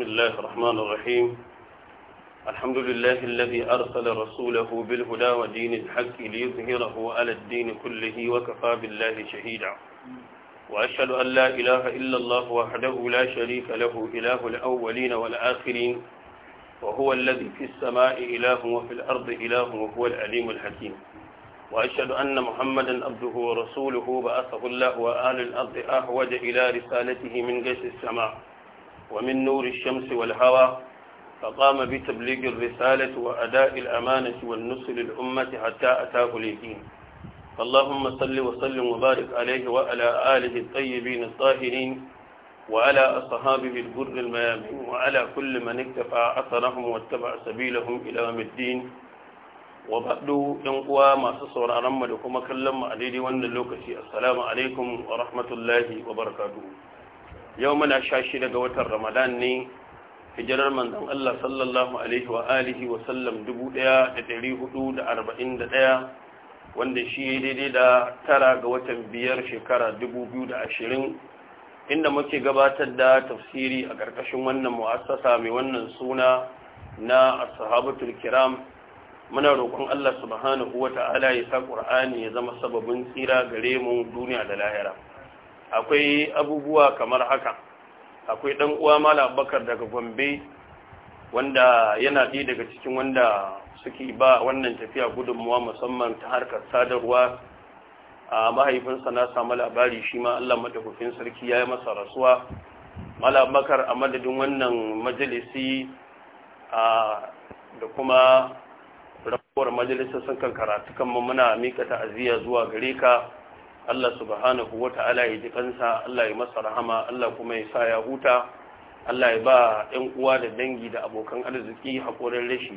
بسم الله الرحمن الرحيم الحمد لله الذي أرسل رسوله بالهدى ودين الحق ليظهره على الدين كله وكفى بالله شهيدا وأشهد أن لا إله إلا الله وحده لا شريك له إله الأولين والآخرين وهو الذي في السماء إله وفي الأرض إله وهو العليم الحكيم وأشهد أن محمدا عبده ورسوله بأسه الله وآل الأرض أهود إلى رسالته من جيش السماء ومن نور الشمس والهوى فقام بتبليغ الرسالة وأداء الأمانة والنصر للأمة حتى أتاه اليقين فاللهم صل وسلم وبارك عليه وعلى آله الطيبين الطاهرين وعلى أصحابه البر الميامين وعلى كل من اكتفى أثرهم واتبع سبيلهم إلى يوم الدين وبعد ما سصور أرمى لكم عليدي وأن اللوكسي السلام عليكم ورحمة الله وبركاته yau muna sha shi daga watan ramadan ne hijirar manzon Allah sallallahu alaihi wa alihi wa sallam 1441 wanda shi ya daidai da tara ga watan biyar shekara da ashirin, inda muke gabatar da tafsiri a ƙarƙashin wannan mu'assasa mai wannan suna na ashabatul kiram muna roƙon Allah subhanahu ta'ala ya sa ƙur'ani ya zama sababin tsira gare mu duniya da lahira akwai abubuwa kamar haka akwai ɗan uwa mala bakar daga gombe wanda yana ɗi daga cikin wanda suke ba wannan tafiya gudunmuwa musamman ta harkar sadarwa a mahaifinsa na samu labari shi ma allah madafufin sarki ya yi masa rasuwa mala bakar a madadin wannan majalisi da kuma rabuwar majalisa sun kan karatu kan muna mika ta'aziyya zuwa gare ka Allah subhanahu wa ta'ala ya ji kansa Allah ya masa rahama Allah kuma ya sa ya huta Allah ya ba ‘yan uwa da dangi da abokan arziki haƙorin rashi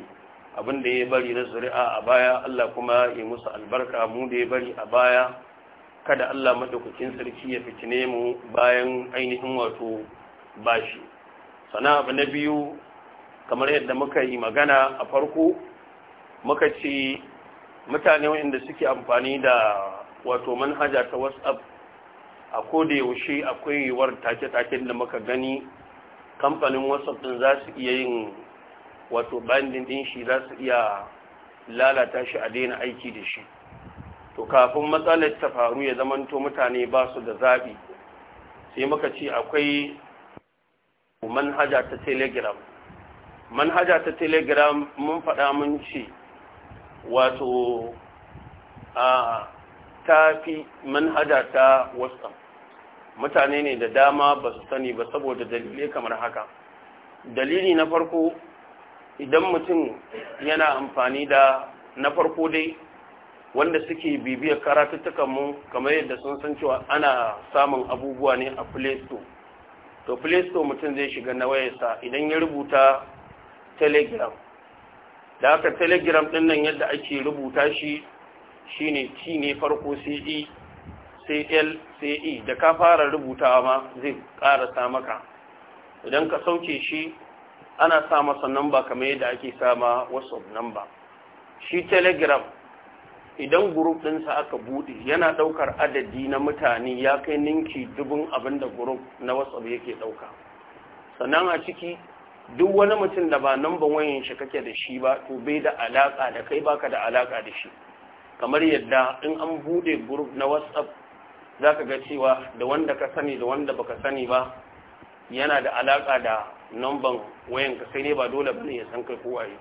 da ya bari na zuri'a a baya Allah kuma ya musu albarka mu da ya bari a baya kada Allah maɗaukakin sarki ya fitine mu bayan ainihin wato bashi sana abu na biyu kamar yadda muka yi magana a farko muka ce mutane waɗanda suke amfani da wato manhaja ta whatsapp a koda yaushe akwai yiwuwar take-taken da muka gani kamfanin whatsapp din za su iya yin wato bandin din shi za su iya lalata shi a daina aiki da shi to kafin matsalar ta faru ya zamanto mutane ba su da zaɓi sai muka ce akwai manhaja ta telegram manhaja ta telegram mun faɗa mun ce wato a ta fi manhaja ta whatsapp mutane ne da dama ba su sani ba saboda dalilai kamar haka dalili na farko idan mutum yana amfani da na farko dai wanda suke bibiyar karatuttukanmu kamar yadda sun san cewa ana samun abubuwa ne a playstore to playstore mutum zai shiga na wayarsa idan ya rubuta telegram da haka telegram ɗin nan yadda ake rubuta shi shine ci ne farko sai E sai L sai E da ka fara rubutawa ma zai ƙara maka idan ka sauke shi ana sa masa namba kamar yadda ake sama WhatsApp namba shi Telegram idan group ɗinsa aka buɗe yana ɗaukar adadi na mutane ya kai ninki dubin abin da group na WhatsApp yake ɗauka sannan a ciki duk wani mutum da ba namban wayan shi kake da shi ba to bai da alaƙa da kai baka da alaƙa da shi kamar yadda in an bude group na whatsapp za ka ga cewa da wanda ka sani da wanda baka sani ba yana da alaka da numban wayanka sai ne ba dole bane ya san kai kowaye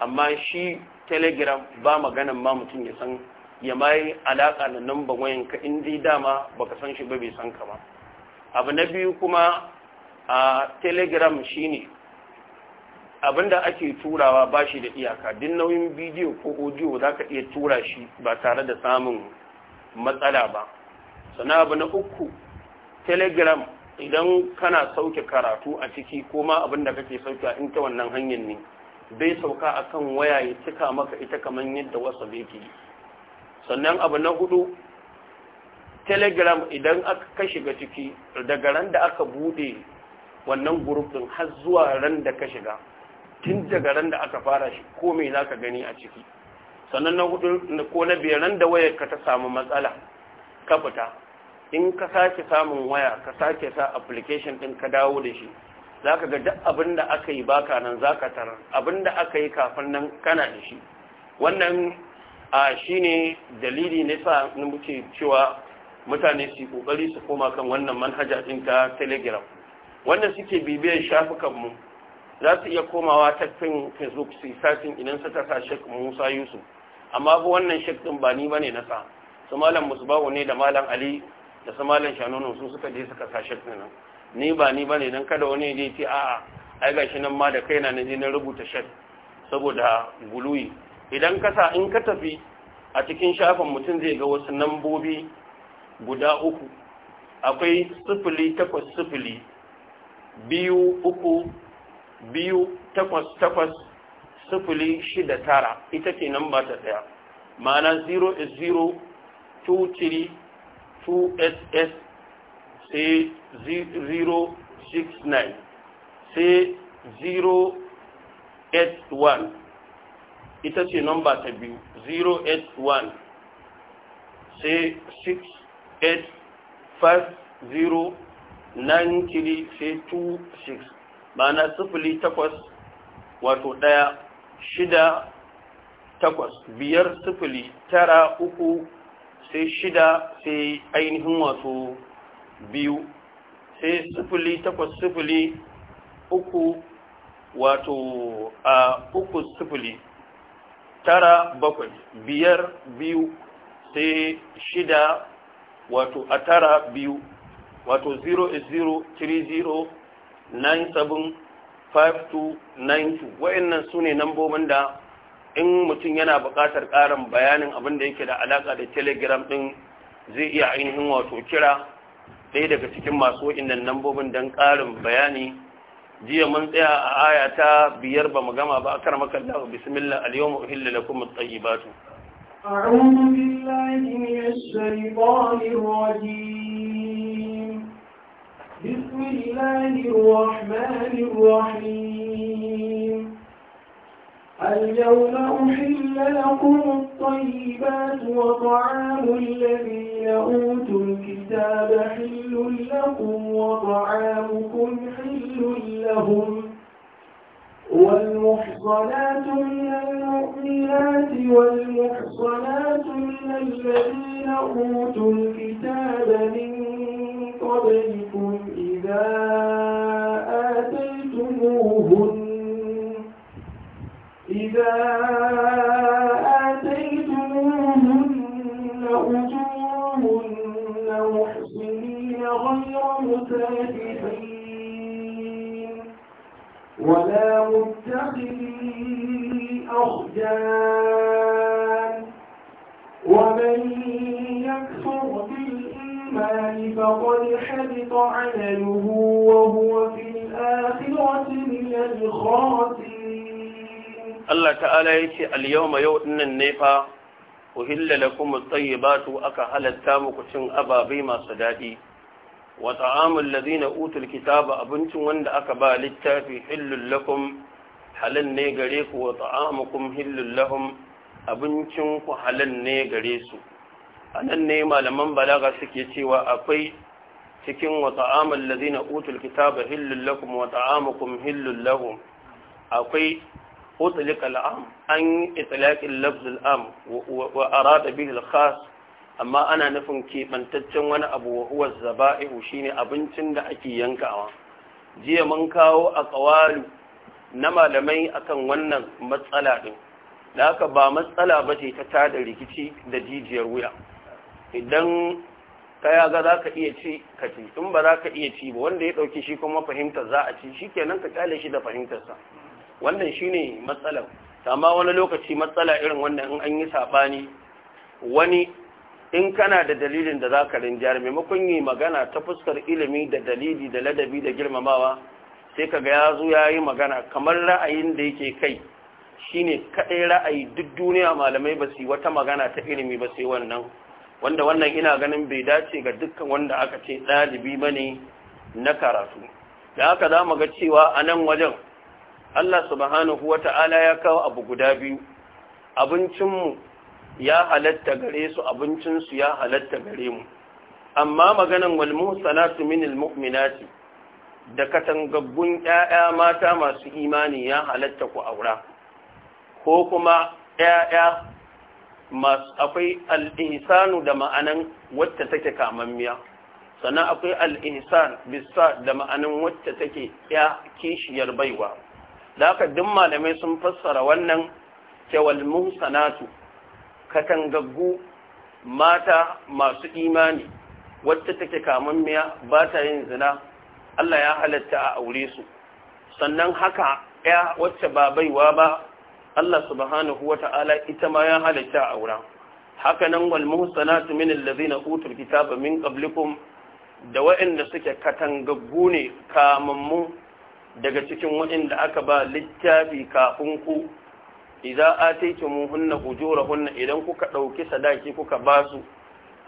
amma shi telegram ba maganan ma mutum ya san ya mai alaka da namban wayanka in dai dama baka san shi ba bai san ka ba abu na biyu kuma a telegram shine abinda ake turawa ba shi da iyaka din nauyin bidiyo ko audio za ka iya tura shi ba tare da samun matsala ba sana abu na uku telegram idan kana sauke karatu a ciki ko ma abinda kake sauke in ta wannan hanyar ne bai sauka akan waya ya cika maka ita kamar yadda wasu yake sannan abu na hudu telegram idan aka ka shiga ciki daga ran da aka bude wannan gurufin har zuwa ran da ka shiga tun daga ran da aka fara shi ko me za ka gani a ciki sannan na hudu ko na biyar ran da wayar ka ta samu matsala ka fita in ka sake samun waya ka sake sa application din ka dawo da shi za ka ga duk abin da aka yi baka nan za ka tarar abin da aka yi kafin nan kana da shi wannan a shi ne dalili na sa muke cewa mutane su kokari su koma kan wannan manhaja ɗin ta telegram wannan suke bibiyar mu. za su iya komawa ta fin facebook su sasin idan suka sa shek musa yusuf amma bu wannan shek din ba ni bane na sa su malam musbahu ne da malam ali da su malam shanonu su suka je suka sa shek din nan ni ba ni bane dan kada wani ya ce a'a ai gashi nan ma da kaina na je na rubuta shek saboda guluyi idan ka sa in ka tafi a cikin shafin mutum zai ga wasu nambobi guda uku akwai sifili takwas sifili biyu uku biyu takwas takwas sufuli shida tara ita ce nan ba ta tsaya ma'ana 0 is 0 2 3 2 ss sai 0 6 9 sai 0 8 1 ita ce nan ta biyu 0 8 1 sai 6 8 5 0 9 3 sai 2 6 ma'ana sifili takwas wato ɗaya shida takwas biyar sifili tara uku sai shida sai ainihin wato biyu sai sifili takwas sifili uku wato a uku sifili tara bakwai biyar biyu sai shida wato a tara biyu wato 0 is 0 3 0 9752 wa'annan su ne da in mutum yana buƙatar ƙarin bayanin abin da yake da alaƙa da telegram ɗin zai iya ainihin wato kira ɗaya daga cikin masu wa'innan nambobin don ƙarin bayani jiya mun tsaya a aya ta biyar ba mu gama ba a kar makalla bismillah al-yawma uhilla lakum at-tayyibatu a'udhu billahi minash الشيطان rajim بسم الله الرحمن الرحيم اليوم أحل لكم الطيبات وطعام الذين أوتوا الكتاب حل لكم وطعامكم حل لهم والمحصنات من المؤمنات والمحصنات من الذين أوتوا الكتاب من قبلكم إذا آتيتموهن إذا آتيتموهن أجورهن محسنين غير مسافحين ولا متخذي أخجان ومن يكفر بالإسلام Mayan yi ta ƙoli, haɗi to aiyai dubu, wa Allah Ta'ala ya ce Aliyu ma yau ɗinnan nefa ku hillane kuma Tsayibatu aka halatta mu kucin ababai masu daɗi, watsa'amu Ladina Util kitaaba abincin wanda aka ba littafin hillulahum halin ne gare ku watsa'amu kuma hillulahum abincin ku halin ne gare su. a nan ne malaman balaga suke cewa akwai cikin wata amal utul kitaba hillul lakum wa ta'amukum hillul lahum akwai utlika al'am an itlaqil lafz al'am wa arada bihi khas amma ana nufin kebantaccen wani abu wa huwa zaba'ihu shine abincin da ake yankawa jiya mun kawo a kawalu na malamai akan wannan matsala din da haka ba matsala ce ta tada rikici da jijiyar wuya idan kaya ga za ka iya ci ka ci in ba za ka iya ci ba wanda ya ɗauki shi kuma fahimtar za a ci shi kenan ka kyale shi da fahimtarsa wannan shi ne matsalar amma wani lokaci matsala irin wannan in an yi saɓani wani in kana da dalilin da za ka rinjiyar maimakon yi magana ta fuskar ilimi da dalili da ladabi da girmamawa sai ka ga ya zo ya yi magana kamar ra'ayin da yake kai shine kaɗai ra'ayi duk duniya malamai ba su yi wata magana ta ilimi ba sai wannan wanda wannan ina ganin bai dace ga dukkan wanda aka ce ɗalibi ba ne na karatu da haka za mu ga cewa a nan wajen Allah subhanahu wa ta'ala ya kawo abu guda biyu abincinmu ya halatta gare su abincinsu ya halatta gare mu amma maganan walmusanatu minil mu'minati da katangaggun ƴaƴa mata masu imani ya halatta ku aura ko kuma ƴaƴa akwai al'insanu da ma'anan wacce take kamammiya sannan akwai al'insan bisa da ma'anan wacce take ya kishiyar baiwa da aka duk malamai sun fassara wannan kewal sanatu katangaggu mata masu imani wacce take kamammiya ba ta yin zina Allah ya halatta a aure su sannan haka ya wacce ba baiwa ba Allah subhanahu wata'ala ita ma ya halitta aura haka nan wal muhsanatu min allazina utul kitaba min qablikum da waɗanda suke katangaggu ne kamammu daga cikin waɗanda aka ba littafi kafin ku idza ataytumuhunna ujurahunna idan kuka dauki sadaki kuka basu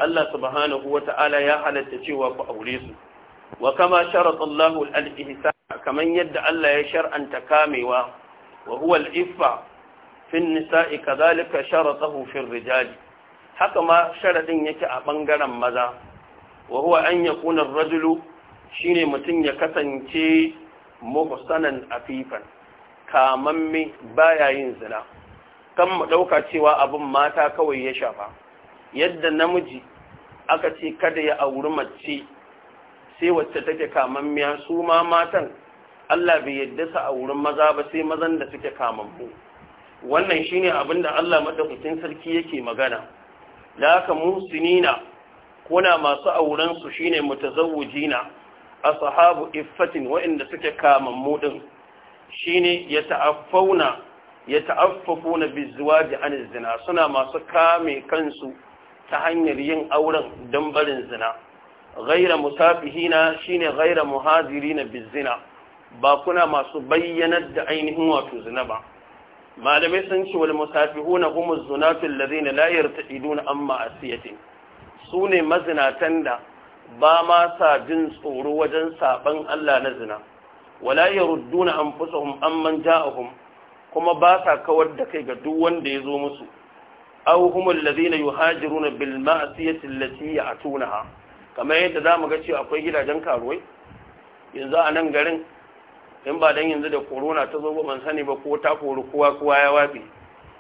Allah subhanahu wata'ala ya halitta cewa ku aure su wa kama sharatallahu al-ihsan kaman yadda Allah ya shar'anta kamewa wa huwa al-iffa fin nisa'i shara sharatahu fil Rijali. haka ma sharadin yake a ɓangaren maza wa huwa an yakuna kunan rajulu shine mutum ya kasance muhsanan afifan kamamme baya yin zina kan mu ɗauka cewa abin mata kawai ya shafa yadda namiji aka ce kada ya auri mace sai wacce take kamammiya su ma matan Allah bai yadda su auri maza ba sai mazan da suke kamammu wannan shine ne abinda Allah madaukakin sarki yake magana da haka muhsinina kuna masu auren su shine a ashabu iffatin waɗanda suke kaman mudin ne ya ta'affauna na ta'affafuna bizwaji zina suna masu kame kansu ta hanyar yin auren don barin zina ghaira musafihina shine muhaziri na bizina ba kuna masu bayyanar da ainihin wato zina ba malamai sun ce wal musafihuna humuz zunatu allazina la yartadiduna amma asiyatin sune mazinatan da ba ma sa jin tsoro wajen saban Allah na zina wala yarudduna anfusahum amman ja'ahum kuma ba sa kawar da kai ga duk wanda ya zo musu aw humul ladina yuhajiruna bil ma'siyati allati ya'tunaha kamar yadda zamu ga cewa akwai gidajen karuwai yanzu a nan garin in ba dan yanzu da corona ta zo ba man sani ba ko ta kori kowa kowa ya wabe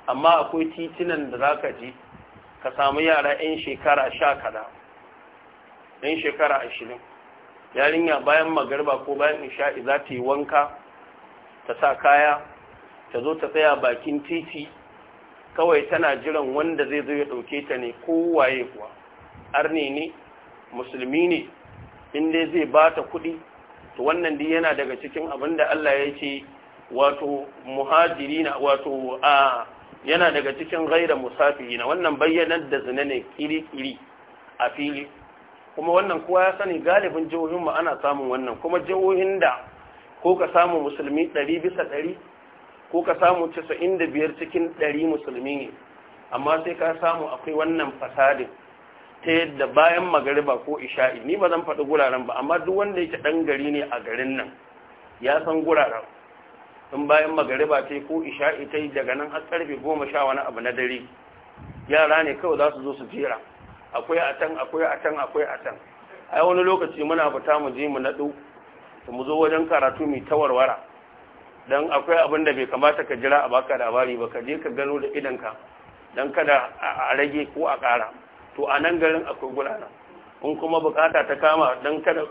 amma akwai titunan da zaka je ka samu yara yan shekara sha kada yan shekara ashirin yarinya bayan magarba ko bayan isha'i za ta yi wanka ta sa kaya ta zo ta tsaya bakin titi kawai tana jiran wanda zai zo ya ɗauke ta ne waye kuwa arne ne musulmi ne inda zai bata ta kuɗi to wannan dai yana daga cikin abin da Allah ya ce wato muhajirina wato a yana daga cikin gaira musafirina wannan bayyanar da zina ne kiri-kiri a fili kuma wannan kowa ya sani galibin jihohin ana samun wannan kuma jihohin da ko ka samu musulmi 100 bisa 100 ko ka samu 95 cikin 100 musulmi ne amma sai ka samu akwai wannan fasadin ta yadda bayan magariba ko isha'i ni ba zan faɗi guraren ba amma duk wanda yake ɗan gari ne a garin nan ya san guraren in bayan magariba ta ko isha'i ta yi daga nan har ƙarfe goma sha wani abu na dare yara ne kawai za su zo su jera akwai a can akwai a can akwai a can a wani lokaci muna fita mu je mu naɗo mu zo wajen karatu mai tawarwara don akwai abin da bai kamata ka jira a baka labari ba ka je ka gano da idanka don kada a rage ko a ƙara to a nan garin akwai gurana in kuma bukata ta kama don kada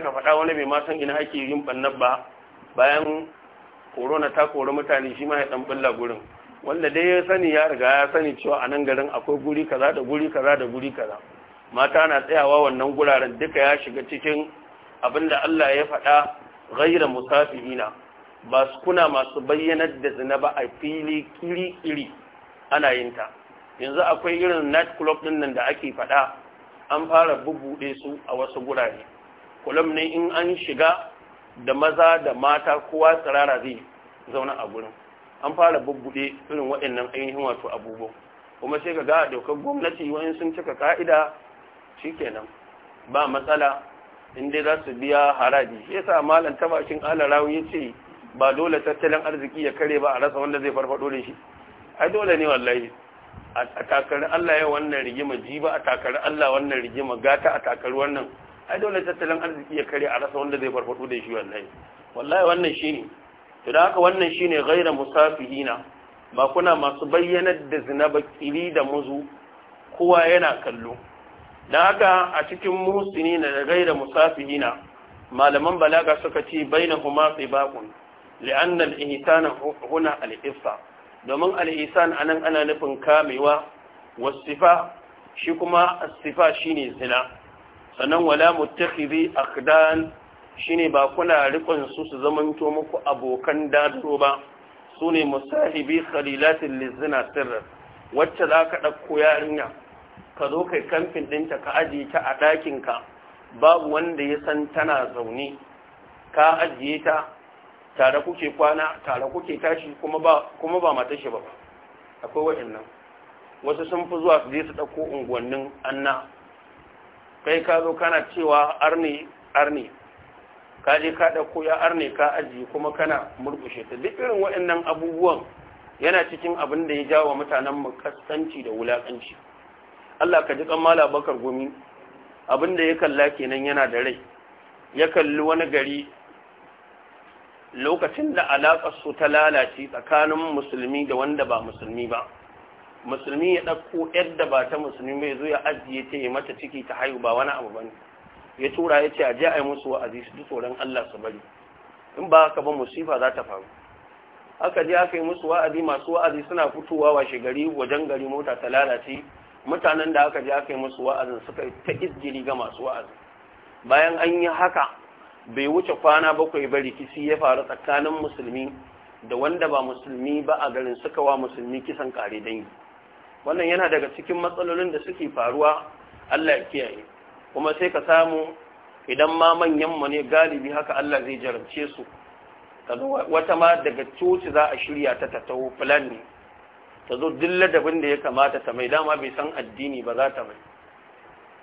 ka faɗa wani mai masan ina ake yin ɓannan ba bayan korona ta kori mutane shi ma ya ɗan ɓulla gurin wanda dai ya sani ya riga ya sani cewa a nan garin akwai guri kaza da guri kaza da guri kaza mata na tsayawa wannan guraren duka ya shiga cikin abin da Allah ya faɗa gaira musafihina ba su kuna masu bayyanar da zina ba a fili kiri-kiri ana yin ta yanzu akwai irin night club din nan da ake faɗa an fara bubuɗe su a wasu gurare kulub ne in an shiga da maza da mata kowa tsirara zai zauna a gurin an fara bubuɗe irin waɗannan ainihin wato abubuwan kuma sai ka ga dokar gwamnati wani sun cika ka'ida shikenan ba matsala in dai za su biya haraji ya sa malam ta bakin alarawu ya ce ba dole tattalin arziki ya kare ba a rasa wanda zai farfado da shi ai dole ne wallahi a takarar Allah ya wannan rigima jiba a takarar Allah wannan rigima gata a takarar wannan ai dole tattalin arziki ya kare a rasa wanda zai farfado da shi wallahi wallahi wannan shine to da haka wannan shine ghaira musafihina ba kuna masu bayyanar da zina ba kili da muzu kowa yana kallo da haka a cikin na da ghaira musafihina malaman balaga suka ce bainahuma sibaqun li'anna al-ihtana huna al-ifsa domin al'isan a nan ana nufin kamewa wasifa shi kuma asifa shi ne zina sannan wala mutakiri kudan shi ne ba kuna rikon su su zamanto muku abokan dadaro ba su ne musahibi khalilatin lizina sirri. wacce za ka ɗauko yarinya ka zo kai kamfin ɗinta ka ajiye ta a ɗakinka babu wanda ya san tana zaune ka ajiye ta tare kuke kwana tare kuke tashi kuma ba kuma ba shi akwai waɗannan wasu sun fi zuwa su je su ɗauko unguwannin anna kai ka zo kana cewa arne arne ka je ka ɗauko ya arne ka ajiye kuma kana murkushe. ta duk irin waɗannan abubuwan yana cikin abin da ya jawo mutanen mu kasanci da wulakanci Allah ka ji kammala bakar gumi abin da ya kalla kenan yana da rai ya kalli wani gari lokacin da alaƙar su ta lalace tsakanin musulmi da wanda ba musulmi ba musulmi ya ɗauko yadda ba ta musulmi bai zo ya ajiye ta yi mata ciki ta haihu ba wani abu bane ya tura ya ce a je a yi musu wa'azi su duk tsoron Allah su bari in ba haka ba musifa za ta faru aka je aka yi musu wa'azi masu wa'azi suna fitowa washe gari wajen gari mota ta lalace mutanen da aka je aka yi musu wa'azin suka ta izgiri ga masu wa'azi bayan an yi haka bai wuce kwana bakwai ba rikici ya faru tsakanin musulmi da wanda ba musulmi ba a garin suka wa musulmi kisan kare dangi wannan yana daga cikin matsalolin da suke faruwa Allah ya kiyaye kuma sai ka samu idan ma manyan mu ne galibi haka Allah zai jarabce su kaga wata ma daga coci za a shirya ta tattaho plan ne ta zo dilla da bin da ya kamata ta mai dama bai san addini ba za ta mai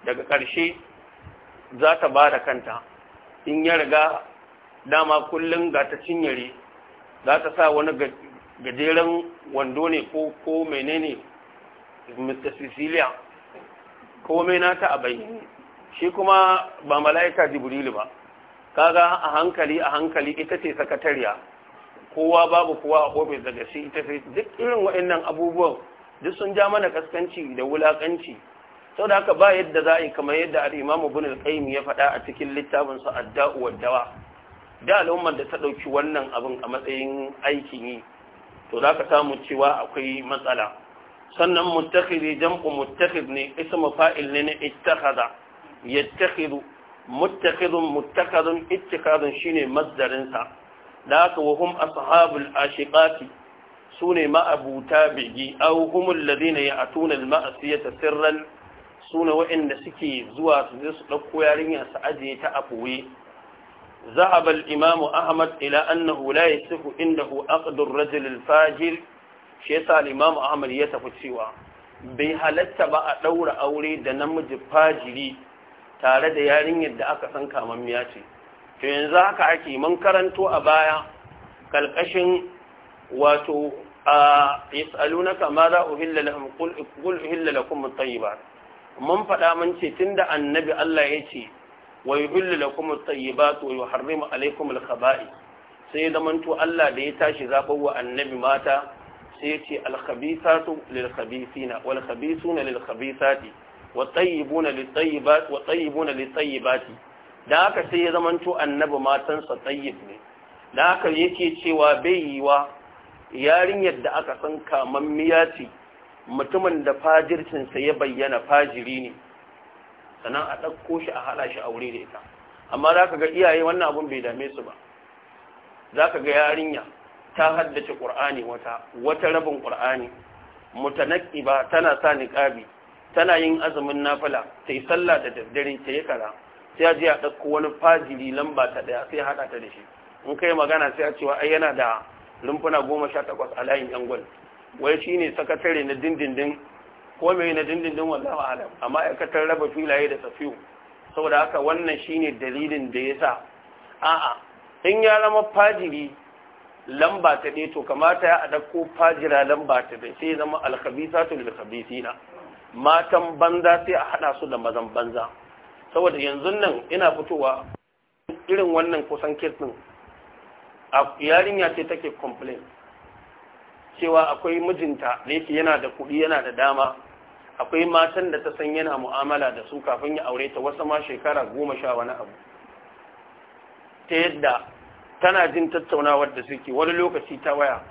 daga ƙarshe za ta ba kanta in ya riga dama kullum ga ta cinyare za ta sa wani gajeren wando ne ko ko menene mr cecilia komai nata a bayyane shi kuma ba mala'ika jibrilu ba kaga a hankali a hankali ita ce sakatariya kowa babu kowa a ofis daga shi ita sai duk irin waɗannan abubuwan duk sun ja mana kaskanci da wulakanci sau da haka ba yadda za a yi kamar yadda al'imamu bin al'aim ya faɗa a cikin littafin a adda'uwar dawa da al'ummar da ta ɗauki wannan abin a matsayin aikin yi to za ka samu cewa akwai matsala sannan muttakhiri jam'u muttakhir ne ismu fa'il ne na ittakhadha yattakhidu muttakhidun muttakhadun ittikhadun shine masdarin sa da haka wa hum ashabul ashiqati sune ma'abuta bigi aw humul ladina ya'tuna al-ma'siyata sirran su ne waɗanda suke zuwa su je su ɗauko yarinya su ajiye ta a ɓoye ذهب الإمام أحمد إلى أنه لا يصح عنده أقد الرجل الفاجر شيسا الإمام أحمد يتفتسوا a بقى دور أولي دنمج فاجري tare da yarinyar da aka san kamammiya ce to yanzu haka ake mun karanto a baya kalkashin wato a yasalunaka ma za mun faɗa mun ce tunda annabi Allah ya ce wa yuhillu lakum at-tayyibat wa yuharrimu alaykum al-khaba'i sai zamanto Allah da ya tashi zaɓar wa annabi mata sai ya ce al-khabithatu lil-khabithina wal-khabithuna lil-khabithati wat-tayyibuna lit-tayyibat wat-tayyibuna lit-tayyibati da haka sai ya zamanto annabi matansa tayyib ne da haka yake cewa bai yiwa yarinyar da aka san kamammiya ce mutumin da fajircinsa ya bayyana fajiri ne sannan a ɗauko shi a haɗa shi a wuri da ita amma za ka ga iyaye wannan abun bai dame su ba za ka ga yarinya ta haddace ƙur'ani wata wata rabin ƙur'ani mutanaki ba tana sa niƙabi tana yin azumin nafila ta yi sallah da daddare ta yi kara sai a a ɗauko wani fajiri lamba ta ɗaya sai haɗa ta da shi in kai magana sai a cewa ai yana da rumfuna goma sha takwas a layin yan gwal wai ne sakatare na dindindin ko mai na dindindin wallahi alam amma aikatar raba filaye da safiyu saboda haka wannan shi ne dalilin da ya sa a'a in ya zama fajiri lamba ta ɗaya kamata ya adakko fajira lamba ta ɗaya sai zama alkhabisatu lil khabisina matan banza sai a haɗa su da mazan banza saboda yanzu nan ina fitowa irin wannan kusan kirtin a yarinya ce take complain cewa akwai mijinta da yake yana da kuɗi yana da dama akwai matan da ta san yana mu'amala da su kafin ya aure ta wasu ma shekara goma sha wani abu ta yadda tana jin tattaunawar da suke wani lokaci ta waya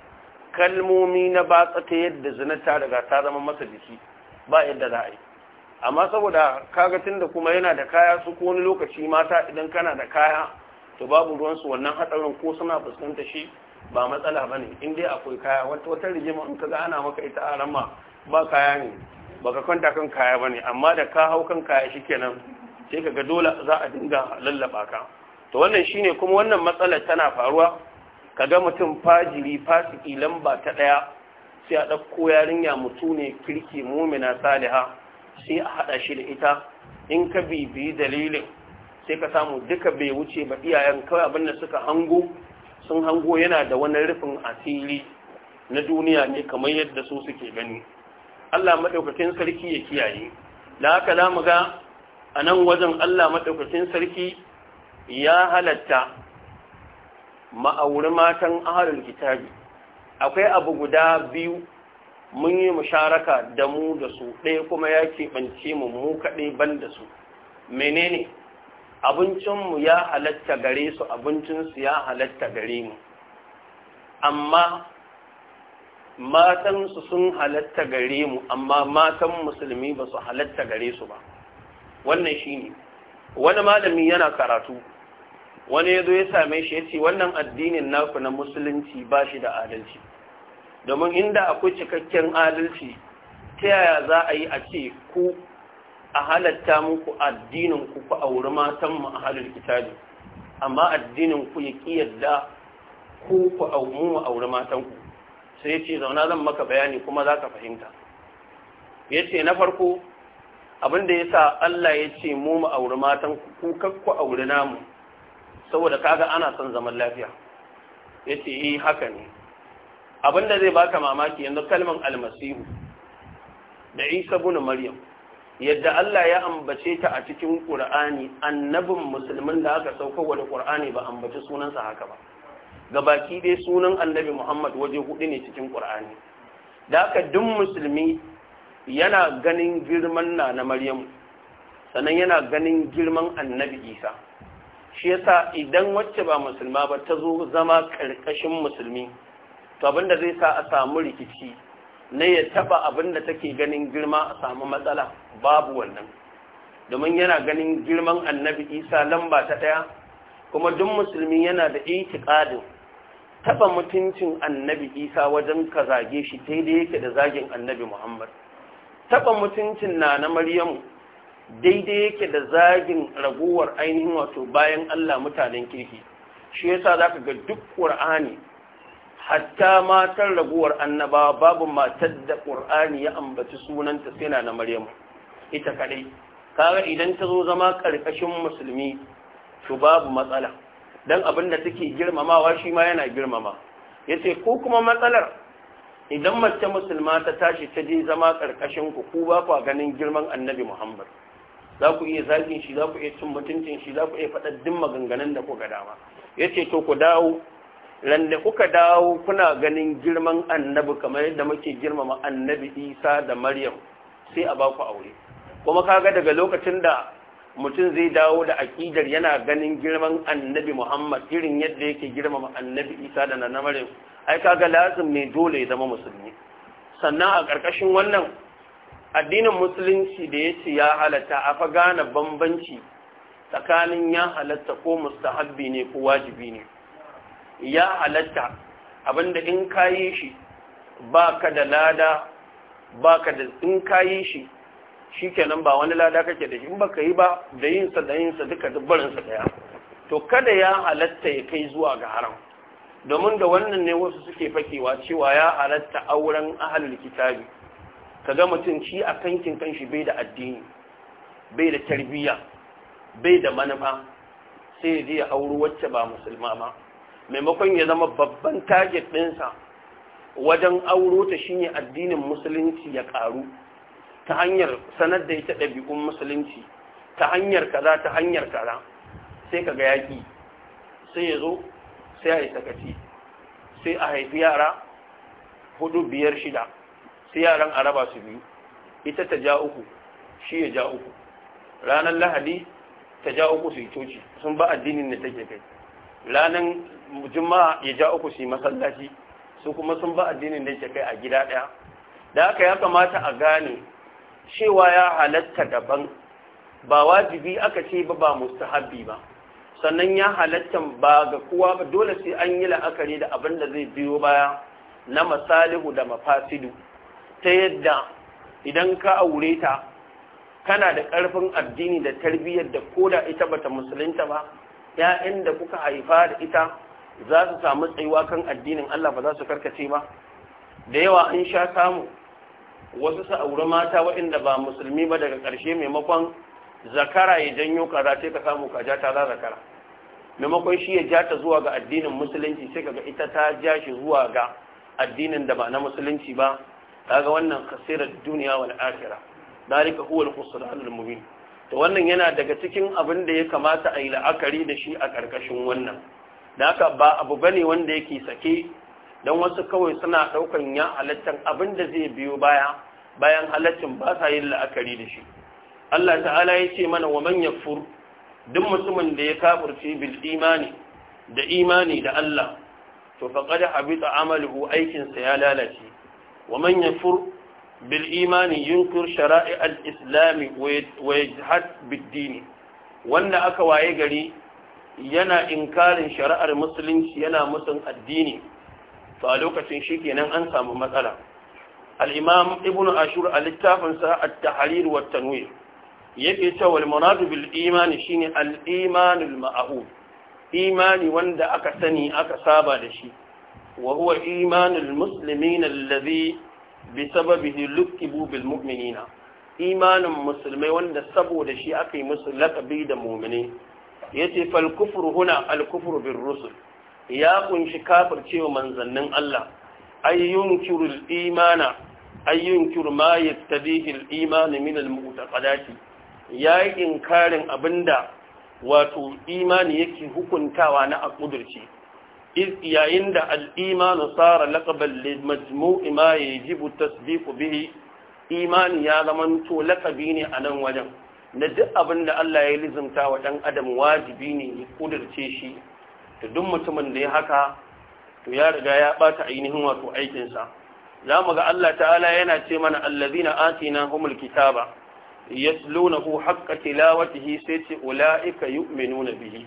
kalmomi na batsa ta yadda zina daga ta zama masa jiki ba yadda za a yi amma saboda kaga da kuma yana da kaya su ko wani lokaci mata idan kana da kaya to babu ruwansu wannan hatsarin ko suna fuskantar shi ba matsala ba ne in dai akwai kaya wata wata rigima in ga ana maka ita a ramma ba kaya ne Ba ka kwanta kan kaya ba ne amma da ka hau kan kaya shi kenan, sai ka ga dole za a dinga lallaba ka to wannan shi ne kuma wannan matsalar tana faruwa Ka ga mutum fajiri fasiki lamba ta ɗaya, sai a ɗauko yarinya mutu ne kirki mumina saliha sai a haɗa shi da ita in ka bibiyi dalilin sai ka samu duka bai wuce ba iyayen kawai abin da suka hango sun hango yana da wani rufin asiri na duniya ne kamar yadda su suke gani Allah maɗaukakin sarki ya kiyaye da haka za mu ga a nan wajen Allah maɗaukakin sarki ya halatta ma'auri matan ahalul kitabi akwai abu guda biyu mun yi musharaka da mu da su ɗaya kuma ya keɓance mu mu kaɗai ban da su menene abincinmu ya halatta gare su abincinsu ya halatta gare mu amma matansu sun halatta gare mu amma matan musulmi ba su halatta gare su ba wannan shi ne wani malami yana karatu wani ya zo ya same shi ya ce wannan addinin naku na musulunci ba shi da adalci domin inda akwai cikakken adalci ta yaya za a yi a ce ku a halatta muku addinin ku ku auri matan mu halin kitabi amma addinin ku ya kiyarda ku ku mu auri matan ku sai yace zauna zan maka bayani kuma zaka fahimta yace na farko abin da yasa Allah ya ce mu mu auri matan ku ku auri namu saboda kaga ana son zaman lafiya yace eh haka ne abinda zai baka mamaki yanzu kalmar almasihu da Isa ibn Maryam yadda Allah ya ambace ta a cikin Qur'ani annabin musulmin da aka sauka da Qur'ani ba ambace sunansa haka ba gabaki dai sunan annabi Muhammad waje hudu ne cikin Qur'ani da haka duk musulmi yana ganin girman na na Maryamu sannan yana ganin girman annabi Isa shi yasa idan wacce ba musulma ba ta zo zama ƙarƙashin musulmi to abinda zai sa a samu rikici na ya taba abin da take ganin girma a samu matsala babu wannan domin yana ganin girman annabi isa lamba ta ɗaya kuma duk musulmi yana da itikadin taba mutuncin annabi isa wajen ka zage shi daidai yake da zagin annabi muhammad taba mutuncin na na maryamu daidai yake da zagin raguwar ainihin wato bayan allah mutanen kirki shi yasa ka ga duk ƙur'ani hatta matar raguwar annaba babu matar da ƙur'ani ya ambaci sunanta sai na na maryamu ita kadai kaga idan ta zo zama ƙarƙashin musulmi su babu matsala don abin da take girmamawa shi ma yana girmama ya ce ko kuma matsalar idan mace musulma ta tashi ta je zama ƙarƙashin ku ku ba kwa ganin girman annabi muhammad za ku iya zagin shi za ku iya cin mutuncin shi za ku iya faɗa maganganun da ku ga dama ya ce to ku dawo landa kuka dawo kuna ganin girman annabi kamar yadda muke girmama annabi isa da maryam sai a baku aure kuma kaga daga lokacin da mutum zai dawo da aƙidar yana ganin girman annabi muhammad irin yadda yake girmama annabi isa da na maryam ai kaga lazim ne dole ya zama musulmi sannan a ƙarƙashin wannan addinin musulunci da ya ce ya halatta a fa gane bambanci tsakanin ya halatta ko mustahabbi ne ko wajibi ne ya halatta abinda in kayi shi ba ka da lada ba ka da in kayi shi shi kenan ba wani lada kake da shi in ba ka yi ba da yinsa da yinsa duka dubbarinsa daya to kada ya halatta ya kai zuwa ga haram domin da wannan ne wasu suke fakewa cewa ya halatta auren ahalul kitabi kaga mutum shi a kankin kanshi bai da addini bai da tarbiyya bai da manufa sai ya je ya auri wacce ba musulma ba maimakon ya zama babban target ɗinsa wajen auro ta shine addinin musulunci ya ƙaru ta hanyar sanar da ita ɗabi'un musulunci ta hanyar kaza ta hanyar kaza sai ka ga yaƙi sai ya zo sai a yi sakaci sai a haifi yara hudu biyar shida sai yaran a raba su biyu ita ta ja uku shi ya ja uku ranar lahadi ta ja uku su yi coci sun ba addinin da take kai ranar juma'a ya ja uku su masallaci su kuma sun ba addinin da yake kai a gida ɗaya da haka ya kamata a gane cewa ya halatta daban ba wajibi aka ce ba ba mustahabbi ba sannan ya halatta ba ga kowa ba dole sai an yi la'akari da abin da zai biyo baya na masalihu da mafasidu ta yadda idan ka aure ta kana da ƙarfin addini da tarbiyyar da koda ita bata musulunta ba ya'yan da kuka haifa da ita za su samu tsayuwa kan addinin Allah ba za su karkace ba da yawa an sha samu wasu su aure mata waɗanda ba musulmi ba daga ƙarshe maimakon zakara ya janyo ƙara sai ka samu kaja ta za zakara maimakon shi ya ja ta zuwa ga addinin musulunci sai kaga ita ta ja shi zuwa ga addinin da ba na musulunci ba kaga wannan kasirar duniya wal akhirah dalika huwa al-khusran al-mubin to wannan yana daga cikin abin da ya kamata a yi la'akari da shi a ƙarƙashin wannan da haka ba abu bane wanda yake sake don wasu kawai suna ɗaukan ya halattan abin da zai biyo baya bayan halattin ba sa yin la'akari da shi Allah ta'ala ya ce mana wa man yakfur duk mutumin da ya kafirce bil imani da imani da Allah to faqad habita amaluhu aikin sa ya lalace wa man yakfur bil imani yunkur shara'i al islam wa yajhad bid din wanda aka waye gari yana inkarin shari'ar musulunci yana mutum addini to a lokacin shi kenan an samu matsala alimam imam ibn ashur a littafinsa at-tahrir wa tanwir yake cewa al-muradu bil imani shine al-iman al-ma'hud imani wanda aka sani aka saba da shi wa huwa iman al-muslimin alladhi bisababihi lukibu bil mu'minina imanin musulmai wanda saboda shi aka yi musu lakabi da mu'mini Ya ce kufru huna al bin rusul ya kunshi kafircewa manzannin Allah ay yunkiru al imana ay yunkiru ma al min ya yi inkarin abinda wato imani yake hukuntawa na akudurci iz yayin da al imanu sara laqaban lil majmu'i ma yajibu tasdiqu bihi imani ya zamanto laqabi ne a nan wajen na duk abin da Allah ya lizumta wa ɗan adam wajibi ne ya ƙudurce shi da duk mutumin da ya haka to ya riga ya ɓata ainihin wato aikinsa za mu ga Allah ta'ala yana ce mana allazina atina humul kitaba yatlunahu haqqa tilawatihi sai ce ulaika yu'minuna bihi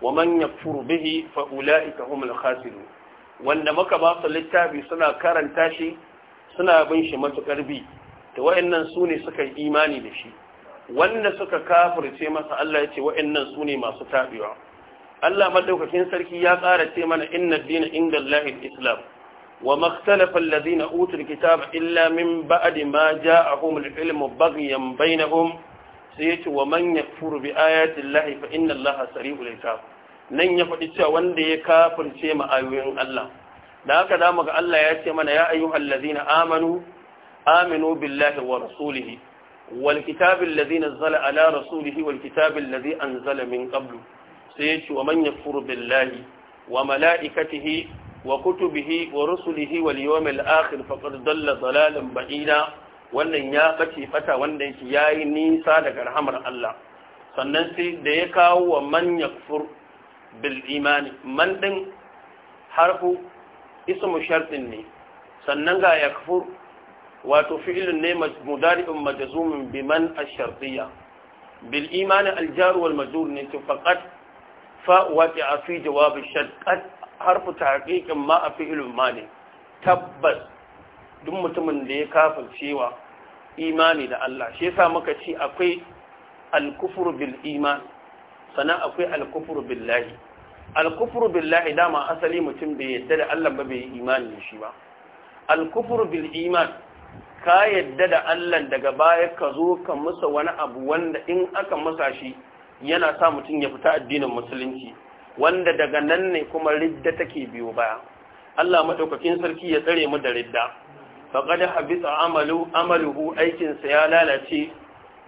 wa man yakfur bihi fa ulaika humul khasiru? wanda muka ba su littafi suna karanta shi suna bin shi matukar bi to wayannan su ne suka yi imani da shi wanda suka kafirce masa Allah ya ce wa'annan su ne masu tabiwa Allah madaukakin sarki ya ƙara ce mana inna dina inda Allahin Islam wa makhtalafa alladhina utul kitaba illa min ba'adi ma a al-ilmu baghyan bainahum sai yace wa man yakfuru bi ayati lahi fa inna Allaha sari'ul hisab nan ya faɗi cewa wanda ya kafirce ma ayoyin Allah da haka da muga Allah ya ce mana ya ayyuhallazina amanu aminu billahi wa rasulihi wal kitabin ladhi nazzala ala rasulihi wal kitabin ladhi anzala min qablu sai yace wa man yakfuru billahi wa malaikatihi wa kutubihi wa rusulihi wal yawmil akhir faqad dalla dalalan ba'ida wannan ya bace fata wanda yake yayi nisa daga rahamar Allah sannan sai da ya kawo wa man yakfur bil imani man din harfu ismu shartin ne sannan ga yakfur wato fi'ilin ne mudari'un majazumin biman a shardiya bil imanin aljaruwar jar ne to faqat fa waqi'a fi jawabin ash-shart harfu tahqiqin ma a fi'ilun ma ne tabbas duk mutumin da ya cewa imani da Allah shi sa muka ci akwai al-kufru bil iman sannan akwai al-kufru billahi al-kufru billahi dama asali mutum bai yadda da Allah ba bai imani da shi ba al bil iman ka yadda da Allah daga baya ka zo ka musa wani abu wanda in aka musa shi yana sa mutum ya fita addinin musulunci wanda daga nan ne kuma ridda take biyo baya Allah madaukakin sarki ya tsare mu da ridda faqad habita amalu amaluhu aikin sa ya lalace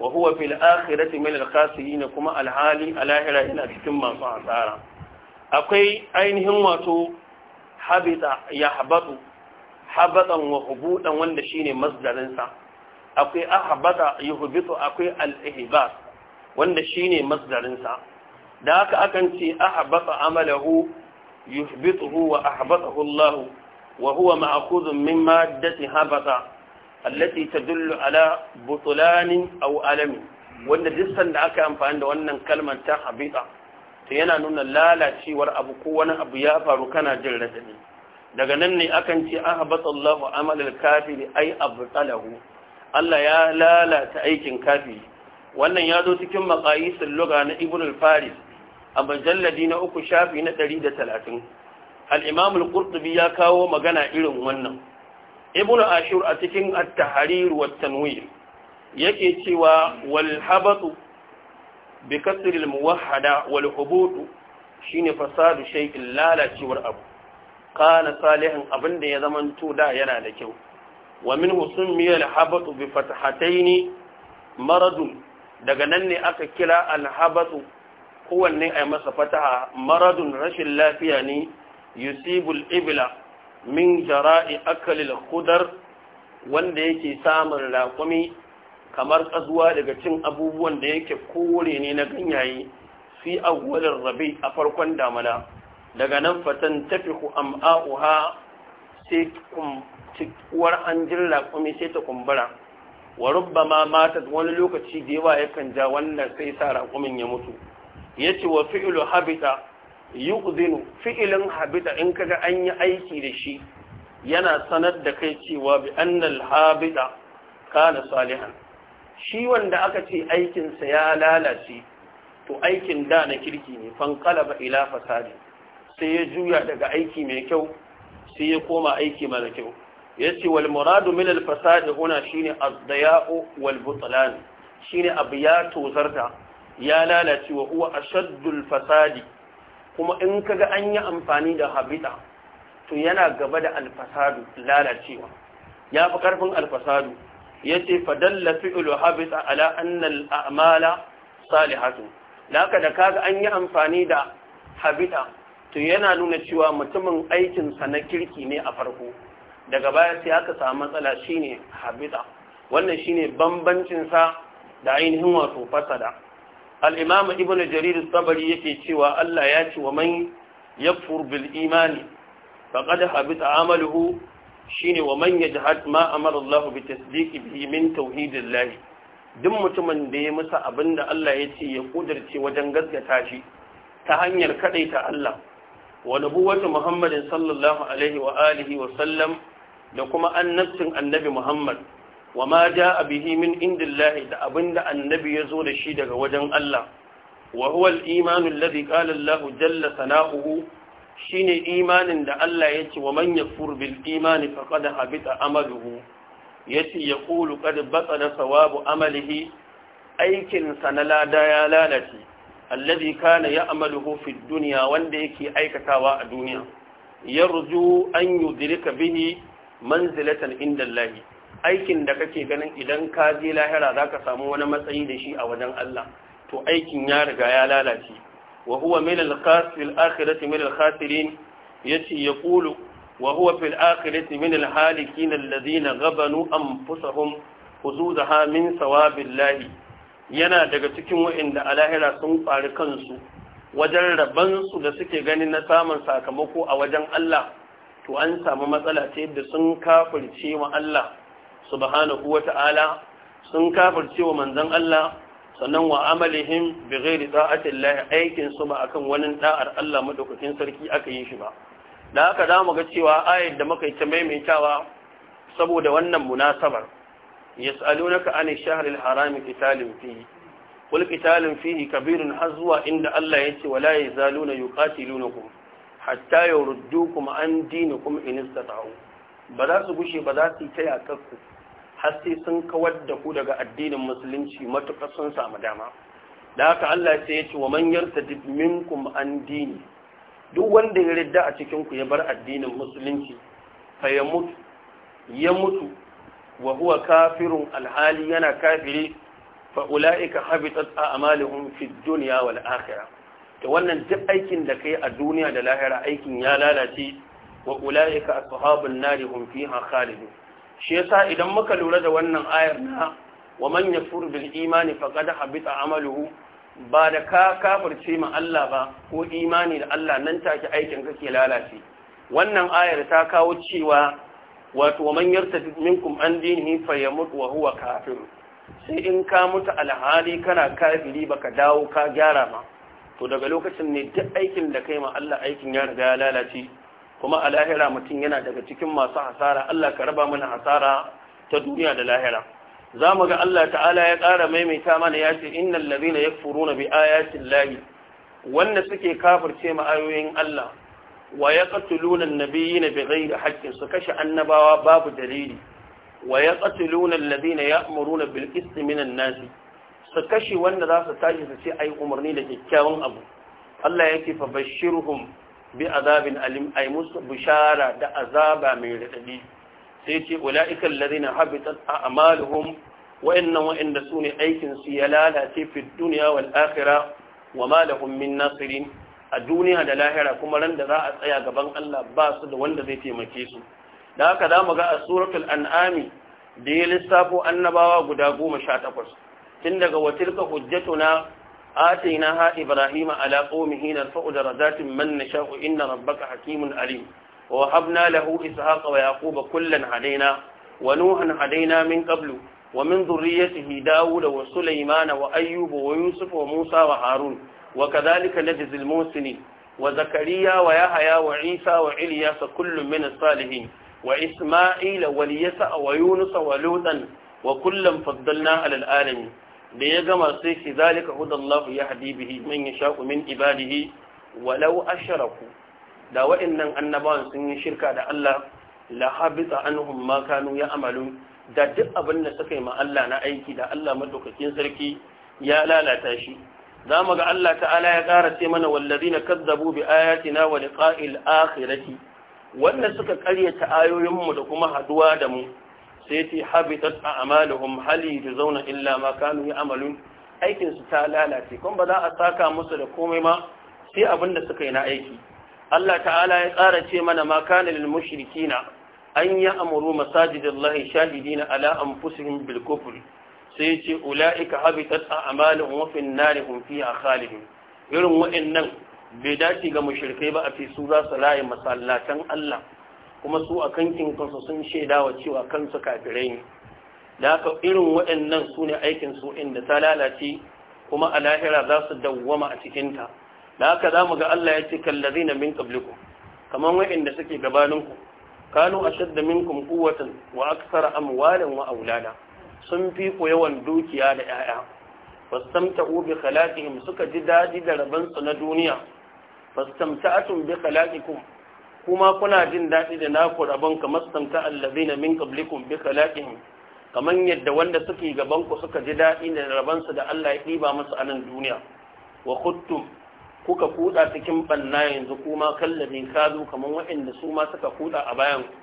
wa huwa fil akhirati min al khasirin kuma al hali al akhirah ina cikin masu asara akwai ainihin wato habita ya habatu habatan wa hubudan wanda shine masdarinsa sa akwai ahbata yuhbitu akwai al-ihbas wanda shine masdarin sa da haka akan ce ahbata amalahu yuhbituhu wa ahbatahu Allah wa huwa ma'khudun min maddati habata allati tadullu ala butlanin aw alami wanda duk da aka amfani da wannan kalmar ta habita to yana nuna lalacewar abu ko wani abu ya faru kana jin radadi daga nan ne akan ce ahbatallahu amalar kafiri ai, abtalahu Allah ya lalata aikin kafiri wannan ya zo cikin maqayisul lugha na ibn al-faris a majalladi na uku shafi na 130 al-imam al-qurtubi ya kawo magana irin wannan ibn ashur a cikin at-tahrir wa tanwir yake cewa wal habatu bi kasr al-muwahhada wal hubut shine fasadu shay'in lalacewar abu kana salihin abin da ya zaman da yana da kyau wa min husun miyar bi fatahataini Maradun daga nan ne aka kira alhabatu kowanne a masa fataha maradun rashin lafiya ne yusibul ibla min jara'i akalil khudar wanda yake samun raƙumi kamar ƙazuwa daga cin abubuwan da yake kore ne na ganyaye fi awwalin rabi a farkon damana daga nan fatan tafi ku am'a'uha sai an hanjin raƙumi sai ta kumbura wa rubba ma mata wani lokaci da yawa yakan ja wannan sai sa raƙumin ya mutu ya ce wa fi'ilu habita yuqdinu fi'ilin habita in kaga an yi aiki da shi yana sanar da kai cewa bi annal habita kana salihan shi wanda aka ce aikinsa ya lalace to aikin da na kirki ne ba ila fasadi sai ya juya daga aiki mai kyau sai ya koma aiki mara kyau yace wal muradu min al fasad huna shine ad-daya'u wal butlan shine abu ya tozarta ya lalace wa huwa ashaddul kuma in kaga an yi amfani da habita to yana gaba da alfasadu lalacewa ya fi karfin alfasadu yace fadalla fi'lu habita ala anna al a'mala salihatu laka da kaga an yi amfani da habita to yana nuna cewa mutumin aikinsa na kirki ne a farko daga baya sai aka samu matsala shine habita wannan shine bambancinsa da ainihin wato fasada al-imam ibnu jarir sabari yake cewa Allah ya ce wa man yakfur bil imani faqad habita amaluhu shine wa man yajhad ma amara Allah bi tasdiqihi min tauhidillah duk mutumin da ya musa abinda Allah ya ce ya kudirce wajen gaskata shi ta hanyar kadaita Allah wa nabuwatu muhammadin sallallahu alaihi wa wa sallam da kuma annabcin annabi muhammad wa ma ja'a bihi min indillahi da abinda annabi ya zo da shi daga wajen Allah wa huwa al-iman alladhi qala Allah jalla sanahu shine imanin da Allah yace wa man yakfur bil iman faqad habita amaluhu yace yaqulu qad batala thawabu amalihi aikin sa na lada ya lalace alladhi kana ya'maluhu fi dunya wanda yake aikatawa a duniya yarju an yudrika bihi manzilatan inda Allah aikin da kake ganin idan ka je lahira zaka samu wani matsayi da shi a wajen Allah to aikin ya riga ya lalace wa huwa min al-khasir al-akhirati min al-khasirin yace yaqulu wa huwa fil akhirati min al-halikin alladhina ghabanu anfusahum khuzuzaha min sawabillahi yana daga cikin wa'inda alahira sun faru kansu wajen rabansu da suke gani na samun sakamako a wajen Allah to an samu matsala ta yadda sun kafirce wa Allah subhanahu wata'ala sun kafirce wa manzon Allah sannan wa amalihim bi ghairi ta'ati Allah aikin su ba akan wani da'ar Allah madaukakin sarki aka yi shi ba da haka zamu ga cewa ayat da muka yi ta maimaitawa saboda wannan munasabar yas'alunaka an ash-shahr al-haram qitalun fihi qul qitalun fihi kabirun azuwa inda Allah yace wala yazaluna yuqatilunakum hatta yurdukum an dinikum in istata'u ba za su gushe ba za su ta yakakku har sai sun kawar da ku daga addinin musulunci matukar sun samu dama da haka Allah sai yace wa man yartadid minkum an dini duk wanda ya ridda a cikin ku ya bar addinin musulunci fa ya mutu ya mutu wa huwa kafirun alhali yana kafiri fa ula'ika habitat a'maluhum fid dunya wal akhirah to wannan duk aikin da kai a duniya da lahira aikin ya lalace wa ula'ika ashabun nari hum fiha khalidun shi yasa idan muka lura da wannan ayar na wa man yafur bil imani faqad habita amaluhu ba da ka kafirce ma Allah ba ko imani da Allah nan take aikin kake lalace wannan ayar ta kawo cewa wato wa man yartafi minkum an dinihi fa yamut wa huwa kafir sai in ka mutu alhali kana kafiri baka dawo ka gyara ma to daga lokacin ne duk aikin da kai ma Allah aikin ya riga ya lalace kuma a lahira mutum yana daga cikin masu hasara Allah ka raba mana hasara ta duniya da lahira za mu ga Allah ta'ala ya ƙara maimaita mana ya ce innal ladina yakfuruna bi ayati llahi wanda suke kafirce ma ayoyin Allah wa ya katuluna na bi da haƙƙin su kashe annabawa babu dalili wa ya katuluna ya ya'muruna bil qisti minan Nasi? su kashe wanda za su tashi su ce yi umarni da kyakkyawan abu Allah yake fa bashirhum bi azabin alim ay musu bishara da azaba mai raɗaɗi. sai ce ulaika na habitat a wa inna wa inda sune aikin su ya lalace fi dunya wal wa ma min nasirin a duniya da lahira kuma ran da za a tsaya gaban Allah ba su da wanda zai taimake su da haka za mu ga a suratul an'ami da ya lissafo annabawa guda goma sha takwas tun daga watilka hujjatuna atina ha ibrahima ala qaumihi narfa'u darajatin man nasha'u inna rabbaka hakimun alim wa habna lahu ishaqa wa yaquba kullan hadaina wa nuhan hadaina min qablu wa min dhurriyyatihi dawuda wa sulaymana wa ayyuba wa yusufa wa musa wa harun وكذلك نجزي الموسنين وزكريا ويحيى وعيسى وإلياس كل من الصالحين وإسماعيل وليسع ويونس ولوطا وكلا فضلنا على العالمين ليجمع سيك ذلك هدى الله يهدي به من يشاء من عباده ولو أشركوا da wa'annan annabawan sun yi shirka da Allah la habita anhum ma kanu ya'malun da duk abin da suka yi ma Allah na aiki da Allah madaukakin sarki ya lalata shi za mu ga Allah ta'ala ya ƙara ce mana wallazina kazzabu bi ayatina wa liqa'il akhirati wanda suka ƙaryata ayoyin mu da kuma haduwa da mu sai ce habitat a'maluhum hal yujzauna illa ma kanu ya'malun aikin su ta lalace kuma ba za a saka musu da komai ma sai abin da suka yi na aiki Allah ta'ala ya ƙara ce mana ma kana lil mushrikina an ya'muru masajidallahi shahidina ala anfusihim bil kufri sai ce ula'ika habitat a amalin wafin nari hunfi a khalidin irin wa'annan bai dace ga mushrikai ba a fi su za su laye masallatan Allah kuma su a kankin kansu sun shaidawa cewa kansu kafirai ne da aka irin waɗannan su ne aikin su inda ta lalace kuma a lahira za su dawwama a cikinta da aka za mu ga Allah ya ce kallazi na min kabliku kamar waɗanda suke gabaninku kanu ashadda minkum quwwatan wa aktsara amwalan wa aulada sun fi ku yawan dukiya da 'ya'ya fastamta'u bi khalaqihim suka ji daɗi da rabansu na duniya atun bi khalaqikum kuma kuna jin daɗi da naku rabon kamar samta allazina min qablikum bi khalaqihim kamar yadda wanda suke gaban ku suka ji daɗi da rabansu da Allah ya ɗiba musu a nan duniya wa khuttum kuka kuda cikin banna yanzu kuma kallabi kazu kamar waɗanda su ma suka kuda a bayan ku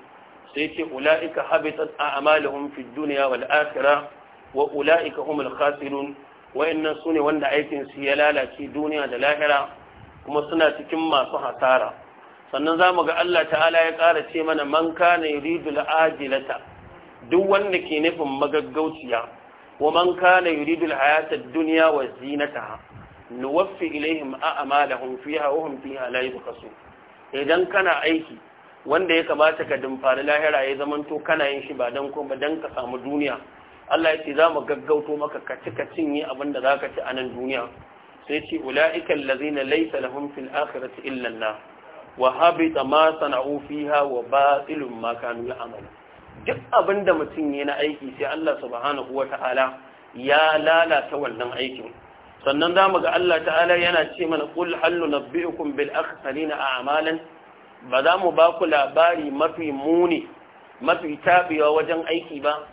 sai ce ula'ika habitat a'maluhum fid duniya wal akhirah wa ula'ika humul khasirun wayannan sune wanda aikin su ya lalace duniya da lahira kuma suna cikin masu hasara sannan zamu ga Allah ta'ala ya ƙara ce mana man kana ridul al'ajilata duk wanda ke nufin magaggauciya wa man kana ridul al-hayata ad-dunya wa zinataha a ilayhim a'malahum fiha wa hum fiha la yubqasun idan kana aiki wanda ya kamata ka dimfari lahira ya zamanto kana yin shi ba don kuma don ka samu duniya Allah ya ce za mu gaggauto maka ka ci ka cinye abin da za ka ci a nan duniya sai ce ula'ika na laysa lahum fil akhirati illa na wa habita ma sana'u fiha wa batilun ma kanu duk abin da mutum na aiki sai Allah subhanahu ya lalata wannan aikin sannan zamu ga Allah ta'ala yana ce mana kul hal nunabbi'ukum bil akhsarina a'malan ba za mu ba ku labari mafi muni mafi tabiwa wajen aiki ba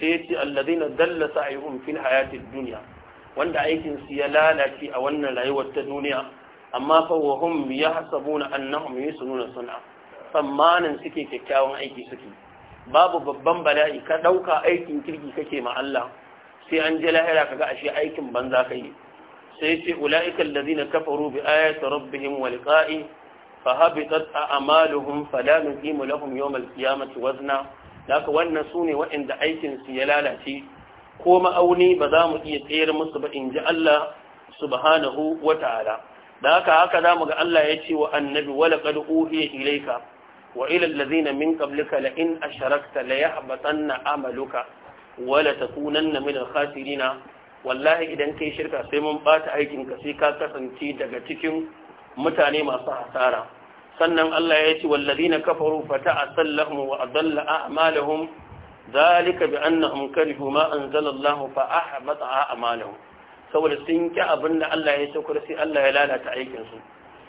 sai ce dallasa dalla yi umfin hayatin duniya. wanda aikin su ya lalace a wannan rayuwar ta duniya amma fa wa na yahsabuna su nuna sun'a tsammanin suke kyakkyawan aiki suke babu babban bala'i ka ɗauka aikin kirki kake ma Allah sai an je lahira ga ashe aikin banza kai sai ce ulaika alladina kafaru bi ayati rabbihim wa liqa'i fahabitat a'maluhum fala nuqimu lahum yawm al-qiyamati wazna aka wannan sune waɗanda aikin su ya lalace ko ma'auni ba za mu iya tsayar musu ba in ji Allah subhanahu ta'ala da haka za zamu ga Allah ya ce wa annabi wala qad uhiya ilayka wa ila allazina min qablika la in asharakta la yahbatanna amaluka wala takunanna min al-khasirina wallahi idan kai shirka sai mun bata aikin ka sai ka kasance daga cikin mutane masu hasara sannan Allah ya ce wallazina kafaru fata'asal lahum wa adalla a'malahum ذلك بأنهم كرهوا ما أنزل الله فأحبط أعمالهم saboda sun ki abinda Allah ya saukar sai Allah ya lalata aikinsu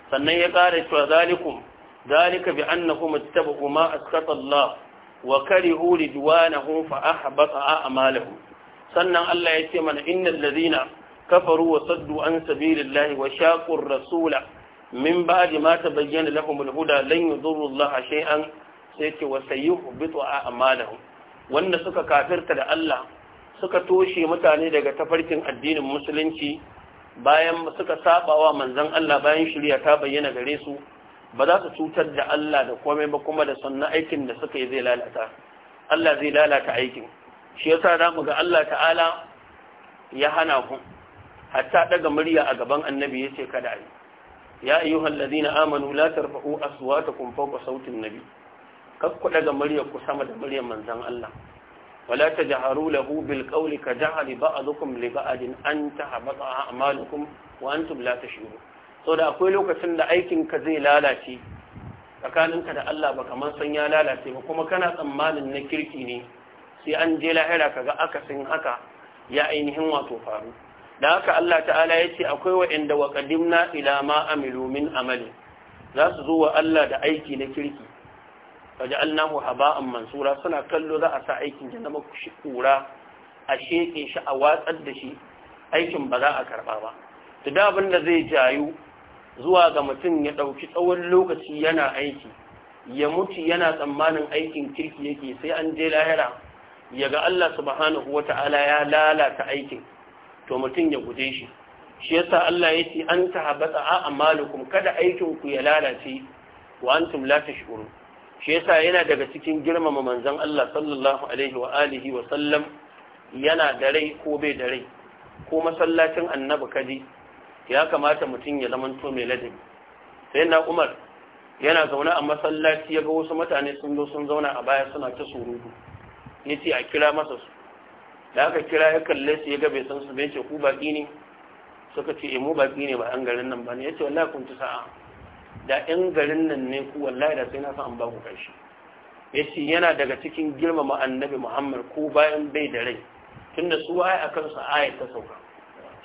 sannan ya ƙara cewa zalikum zalika bi annakum ittabu ma askata Allah wa karihu ridwanahu fa ahbata a'malahum sannan Allah ya ce mana innal ladhina kafaru wa saddu an sabilillahi wa shaqu ar-rasula min ba da mata bayyana al-huda lan yudurru Allah shay'an sai ce wa sayuhbitu a'malahum wanda suka kafirta da Allah suka toshe mutane daga tafarkin addinin musulunci bayan suka sabawa manzon Allah bayan shirya ta bayyana gare su ba za su cutar da Allah da komai ba kuma da sannan aikin da suka yi zai lalata Allah zai lalata aikin shi yasa za ga Allah ta'ala ya hana ku hatta daga murya a gaban annabi yace kada ai ya ayyuha alladhina amanu la tarfa'u aswatakum fawqa sautin nabi kakku daga muryar ku sama da muryar manzon Allah wala tajharu lahu bil qawli ka jahali ba'dukum li ba'din an tahbata a'malukum wa antum la tashurun saboda akwai lokacin da aikin ka zai lalace tsakaninka da Allah ba kamar san ya lalace ba kuma kana tsammanin na kirki ne sai an je lahira kaga akasin haka ya ainihin wato faru da haka Allah ta'ala ya ce akwai wa'inda wa qadimna ila ma amilu min amali za su zo wa Allah da aiki na kirki faja'alnahu haba'an mansura suna kallo za a sa aikin ya shi kura a sheƙe shi a watsar da shi aikin ba za a karɓa ba to da abin da zai jayu zuwa ga mutum ya ɗauki tsawon lokaci yana aiki ya mutu yana tsammanin aikin kirki yake sai an je lahira ya ga Allah subhanahu wata'ala ya lalata aikin to mutum ya guje shi shi yasa Allah ya ce an ta habata a amalukum kada aikin ku ya lalace wa antum la tashkuru shi yasa yana daga cikin girmama manzon Allah sallallahu alaihi wa alihi wa sallam yana da rai ko bai da rai ko masallacin annabi kadi. ya kamata mutum ya zamanto mai ladabi sai na Umar yana zaune a masallaci ya ga wasu mutane sun zo sun zauna a baya suna ta surutu yace a kira masa su da aka kira ya kalle su ya ga bai san su bai ce ku baki ne suka ce eh, mu baki ne ba an garin nan ba ne ya ce wallahi kun ci sa'a da yan garin nan ne ku wallahi da sai na san an ba ku kashi ya ce yana daga cikin girmama annabi muhammad ko bayan bai da rai tunda su waye a kansa ayat ta sauka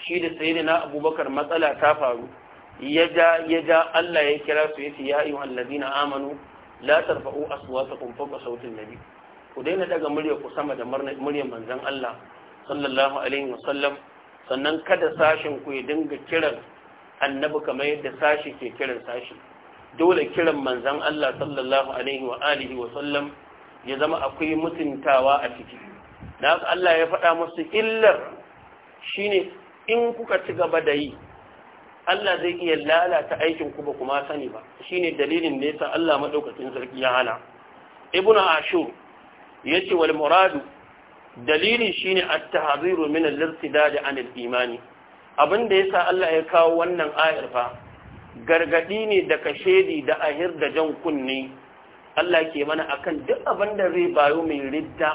shi da sai na abubakar matsala ta faru ya ja ya ja Allah ya kira su ya ce ya ayyuhallazina amanu la tarfa'u aswatakum fawqa sautin nabi ku daina daga murya ku sama da murya manzon Allah sallallahu alaihi wasallam sannan kada sashin ku ya dinga kiran annabi kamar yadda sashi ke kiran sashi dole kiran manzon Allah sallallahu alaihi wa alihi wasallam ya zama akwai mutuntawa a ciki da haka Allah ya faɗa musu illar shine in kuka ci gaba da yi Allah zai iya lalata aikin ku ba kuma sani ba shine dalilin da yasa Allah madaukakin sarki ya hana ibnu ashur yace wal muradu dalili shine at-tahziru min al-irtidad an al-imani abinda yasa Allah ya kawo wannan ayar fa gargadi ne da kashedi da ahir da jan kunne Allah ke mana akan duk abinda zai bayo mai ridda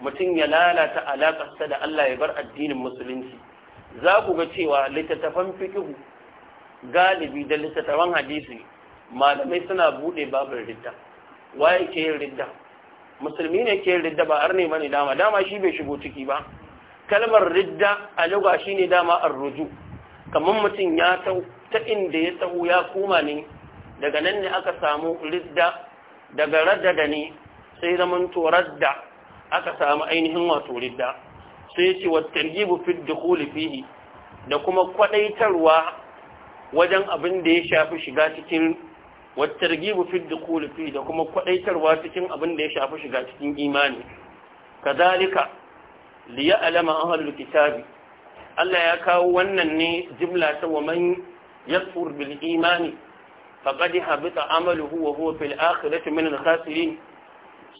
mutum ya lalata alaƙarsa da Allah ya bar addinin musulunci za ku ga cewa littattafan fikihu galibi da littattafan hadisi malamai suna buɗe babin ridda waye ke yin ridda musulmi ne ke ridda ba arne bane dama dama shi bai shigo ciki ba kalmar ridda a lugha shine dama arruju kamar mutum ya tau ta inda ya tau ya koma ne daga nan ne aka samu ridda daga raddada ne sai zaman to radda aka samu ainihin wato ridda sai ce wa tarjibu fi dukhul fihi da kuma kwadaitarwa wajen abin da ya shafi shiga cikin والترغيب في الدخول فيه da kuma kwadaitarwa cikin abin da ya shafi shiga cikin imani kazalika li ya'lama ahlul kitabi Allah ya kawo wannan ne jimla ta wa man yakfur bil imani faqad habita amaluhu wa huwa fil akhirati min al khasirin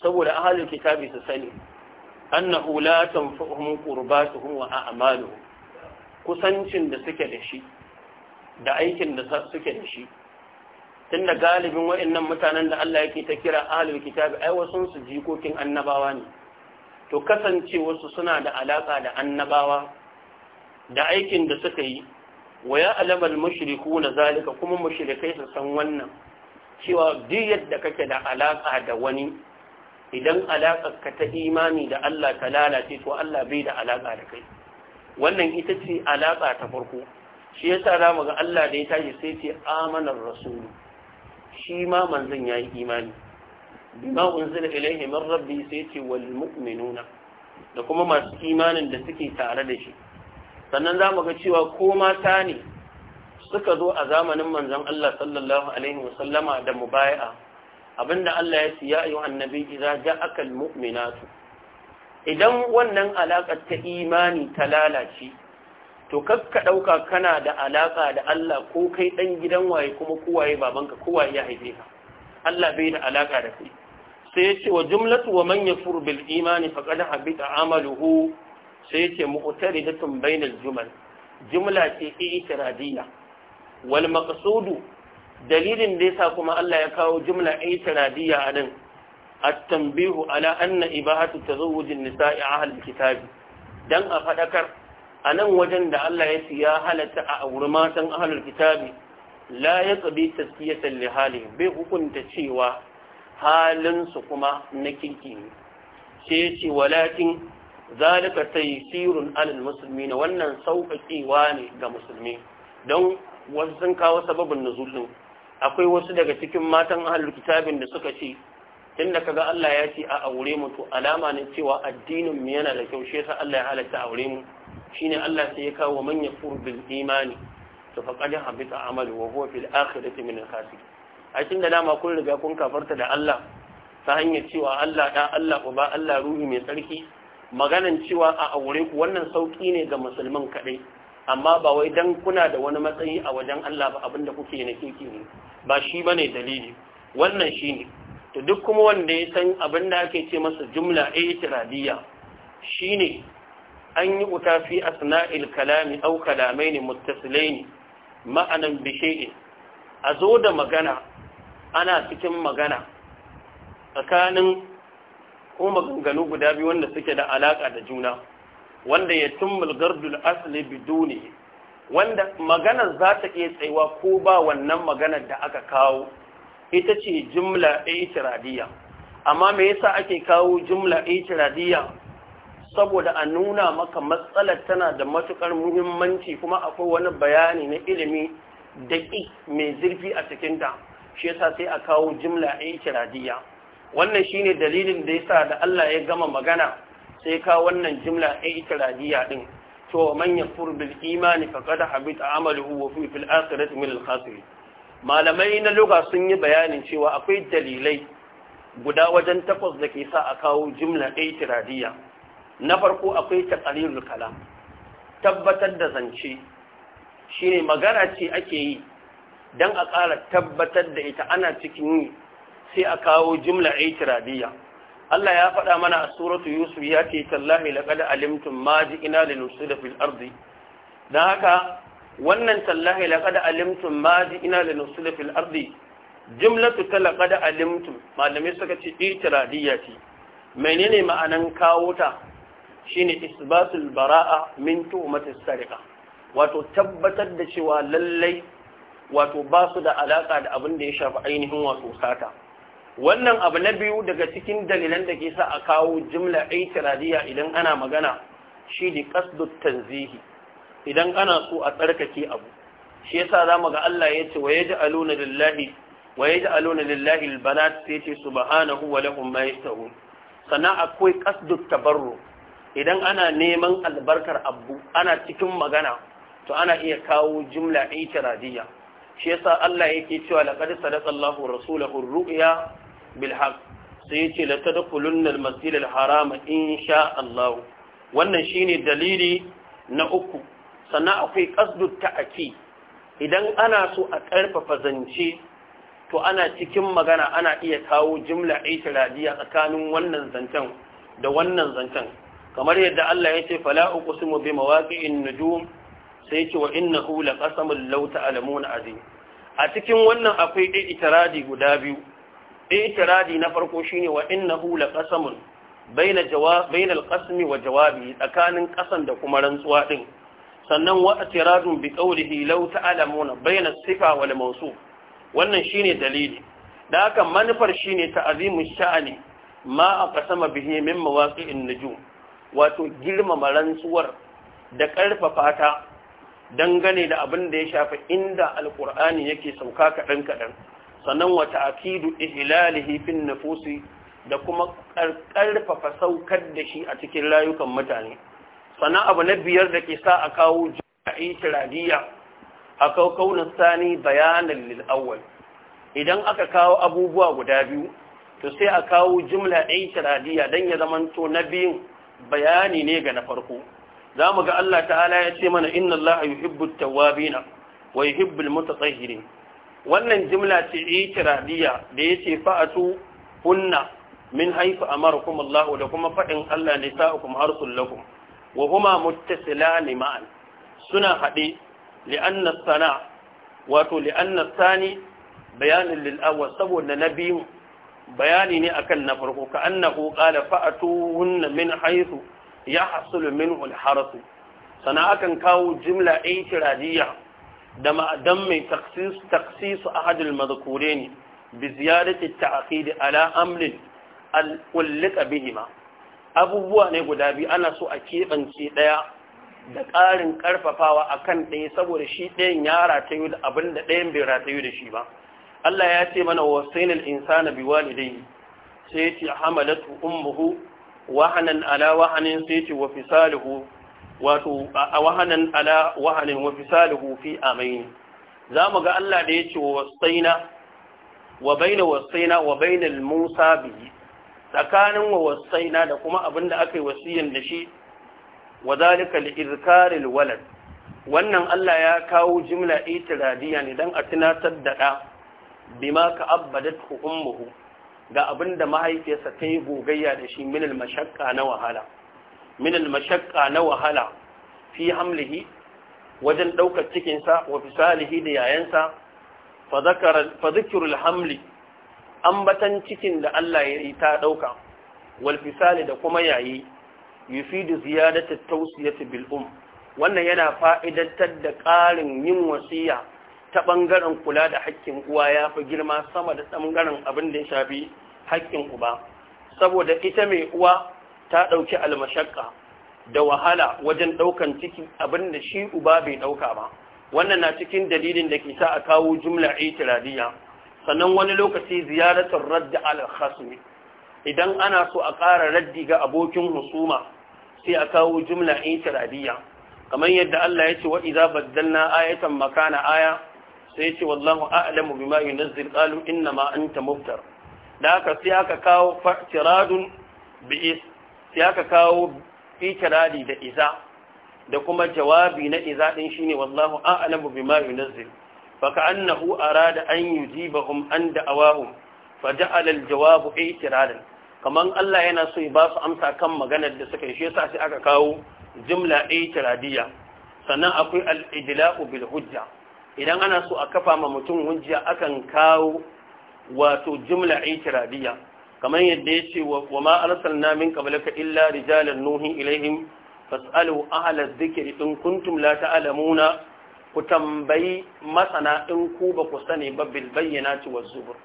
saboda ahlul kitabi su sani annahu la tanfa'uhum qurbatuhum wa a'maluhum kusancin da suke da shi da aikin da suke da shi da galibin wa'annan mutanen da Allah yake ta kira ahlul kitabi ai wasu su jikokin annabawa ne to kasance wasu suna da alaka da annabawa da aikin da suka yi wa ya alamal mushriku na zalika kuma mushrikai su san wannan cewa duk yadda kake da alaka da wani idan alakar ka ta imani da Allah ta lalace to Allah bai da alaka da kai wannan ita ce alaka ta farko shi yasa zamu ga Allah da ya tashi sai ce amanar rasulu shi ma manzon yayi imani bima unzila ilaihi min rabbi sai yace wal mu'minuna da kuma masu imanin da suke tare da shi sannan za mu ga cewa ko mata ne suka zo a zamanin manzon Allah sallallahu alaihi wasallama da mubai'a abinda Allah ya ce ya ayu annabi idza ja'aka almu'minatu idan wannan alaka ta imani ta lalace to kakka ɗauka kana da alaƙa da Allah ko kai ɗan gidan waye kuma kowaye babanka kowaye ya haife ka Allah bai da alaƙa da kai sai ya ce wa jumlatu wa man yafur bil imani faqad habita amaluhu sai ya ce mu'taridatun bainal jumal jumla ce i'tiradiyya wal maqsudu dalilin da yasa kuma Allah ya kawo jumla itiradiya a nan at-tanbihu ala anna ibahatu tazawuj an-nisa'i ahli kitabi dan a fadakar a nan wajen da Allah ya siya halatta a auri matan ahalar kitabi la ya tsabi taskiyatan lihali bai hukunta cewa halinsu kuma na kirki ne sai ya ce walakin zalika taysirun alal musulmi na wannan sauƙaƙewa ne ga musulmi don wasu sun kawo sababin nuzulun akwai wasu daga cikin matan ahalar kitabin da suka ce tunda kaga Allah ya ce a aure mu to alama ne cewa addinin mu yana da kyau shi yasa Allah ya halatta aure mu shine Allah sai ya kawo man yakfur bil imani to faqad habita amalu wa huwa fil akhirati min al khasir a cikin da dama kun riga kun kafarta da Allah ta hanyar cewa Allah da Allah uba Allah ruhi mai tsarki maganan cewa a aure ku wannan sauki ne ga musulman kaɗai. amma ba wai dan kuna da wani matsayi a wajen Allah ba abinda kuke na kike ne ba shi bane dalili wannan shine to duk kuma wanda ya san abinda ake ce masa jumla i'tiradiyya shine an yi wuta fi asna'il kalami au kalamai ne muttasilaini ma'anan bishe'in a zo da magana ana cikin magana tsakanin ko maganganu guda biyu wanda suke da alaƙa da juna wanda ya tummul gardul asali biduni wanda maganar za ta iya tsayuwa ko ba wannan maganar da aka kawo ita ce jimla ɗaya amma me yasa ake kawo jimla ɗaya saboda a nuna maka matsalar tana da matukar muhimmanci kuma akwai wani bayani na ilimi da ƙi mai zurfi a cikinta shi yasa sai a kawo jimla a kiradiyya wannan ne dalilin da yasa da Allah ya gama magana sai ka wannan jimla a kiradiya din to man yakfur bil imani faqad habita amaluhu wa fi fil akhirati min al malamai na lugha sun yi bayanin cewa akwai dalilai guda wajen takwas da ke sa a kawo jimla a kiradiyya na farko akwai taqrirul kalam tabbatar da zance shine magana ce ake yi dan a ƙara tabbatar da ita ana cikin yi sai a kawo jumla itiradiyya Allah ya faɗa mana a suratu Yusuf ya ce tallahi laqad alimtum ma ji'ina linusida fil ardi dan haka wannan tallahi laqad alimtum ma ji'ina linusida fil ardi jumlatu ta laqad alimtum malamai suka ce itiradiyya ce menene ma'anan kawo ta shine isbatul bara'a min tuhmatis sariqa wato tabbatar da cewa lallai wato ba su da alaka da abin da ya shafi ainihin wato sata wannan abu na biyu daga cikin dalilan da ke sa a kawo jimla aitradiya idan ana magana shi ne qasdut tanzihi idan ana so a tsarkake abu shi yasa zamu ga Allah yace wa yaj'aluna lillahi wa yaj'aluna lillahi albanat sai ce subhanahu wa lahum ma yastahun sannan akwai qasdut tabarru idan ana neman albarkar abu ana cikin magana to ana iya kawo jumla itiradiyya shi yasa Allah yake cewa laqad sadaqallahu rasuluhu, ar-ru'ya bil haqq sai yace la tadkhulunna al-masjid al-haram insha Allah wannan shine dalili na uku sannan akwai qasdu ta'aki idan ana so a karfafa zance to ana cikin magana ana iya kawo jumla itiradiyya tsakanin wannan zancen da wannan zancen kamar yadda Allah ya ce fala uqsimu bi mawaqi'in nujum sai ce wa innahu laqasamul law ta'lamuna azim a cikin wannan akwai itiradi guda biyu itiradi na farko shine wa innahu laqasamun baina jawab baina alqasmi wa jawabi tsakanin kasan da kuma rantsuwa din sannan wa atiradun bi qawlihi law ta'lamuna baina sifa wal mawsuf wannan shine dalili da haka manufar shine ta'azimu sha'ani ma aqsama bihi min mawaqi'in nujum wato girmama rantsuwar da ƙarfafa ta dangane da abin da ya shafi inda alƙur'ani yake sauka kaɗan kaɗan sannan wata akidu ihlalihi fin nufusi da kuma ƙarfafa saukar da shi a cikin rayukan mutane sannan abu na biyar da ke sa a kawo jami'i tiradiyya a kawo sani bayanan lil'awwal idan aka kawo abubuwa guda biyu to sai a kawo jumla ɗaya tiradiyya don ya zamanto na biyun bayani ne ga na farko za mu ga Allah ta'ala ya ce mana inna Allah yuhibbu tawabina wa yuhibbul mutatahhirin wannan jimla ce itiradiya da yace fa'atu hunna min haifu amarakum Allah da kuma fadin Allah nisa'ukum harsul lakum wa huma muttasilani ma'an suna hade li'anna sana wato li'anar sani bayanin lil awwal saboda nabiyin bayani ne akan na farko ka annahu qala hunna min haythu yahsul minhu al-harasu sana akan kawo jimla itiradiya da ma'adan mai taksis taksis ahadul madhkurin bi ziyadati at-ta'qid ala amrin al qulqa bihima abubuwa ne guda biyu ana so a kebance daya da ƙarin ƙarfafawa akan kan ɗaya saboda shi ɗayan ya ratayu da abinda da ɗayan bai ratayu da shi ba Allah ya ce mana wasainal insana biwalidayhi sai yace hamalatu ummuhu wahanan ala wahanin sai yace wa fisaluhu wato wahanan ala wahanin wa fisaluhu fi amaini zamu ga Allah da yace wasaina wa baina wasaina wa bainal musa bi tsakanin wa wasaina da kuma abinda aka yi wasiyan da shi wa zalika li izkaril walad wannan Allah ya kawo jimla itiradiya ne dan a tunatar da ɗa bima ka abbadat ummuhu ga abin da mahaifiyarsa ta yi gogayya da shi minal mashakka na wahala minal mashakka na wahala fi hamlihi wajen ɗaukar cikinsa wa fisalihi da yayansa fa zikirul hamli ambatan cikin da Allah ya yi ta ɗauka wal fisali da kuma yayi yufidu ziyadatu tawsiyati bil um wannan yana fa'idantar da ƙarin yin wasiya ta ɓangaren kula da haƙƙin uwa ya fi girma sama da ɓangaren abin da ya shafi haƙƙin uba saboda ita mai uwa ta ɗauki almashakka da wahala wajen ɗaukan ciki abin da shi uba bai ɗauka ba wannan na cikin dalilin da ke sa a kawo jumla a itiradiyya sannan wani lokaci ziyaratar radda alhasmi idan ana so a ƙara raddi ga abokin husuma sai a kawo jumla a itiradiyya kamar yadda Allah ya ce wa idza baddalna ayatan makana aya sai ce wallahu a'lamu bima yunzil qalu inna ma anta muftar da haka sai aka kawo tiradun bi'is sai aka kawo ikirari da iza da kuma jawabi na iza din shine wallahu a'lamu bima yunzil fa ka'annahu arada an yujibahum an da'awahum fa ja'ala al-jawabu ikiraran kaman Allah yana so ya ba su amsa kan maganar da suka yi shi yasa sai aka kawo jumla ikiradiya sannan akwai al-idla'u bil hujja idan ana so a kafa ma mutum hujja akan kawo wato jumla itiradiya kamar yadda yace wa ma arsalna min qablaka illa rijalan nuhi ilaihim fasalu ahla dhikri in kuntum la ta'lamuna ku tambayi masana in ku ba ku sani ba bil bayyinati waz zubur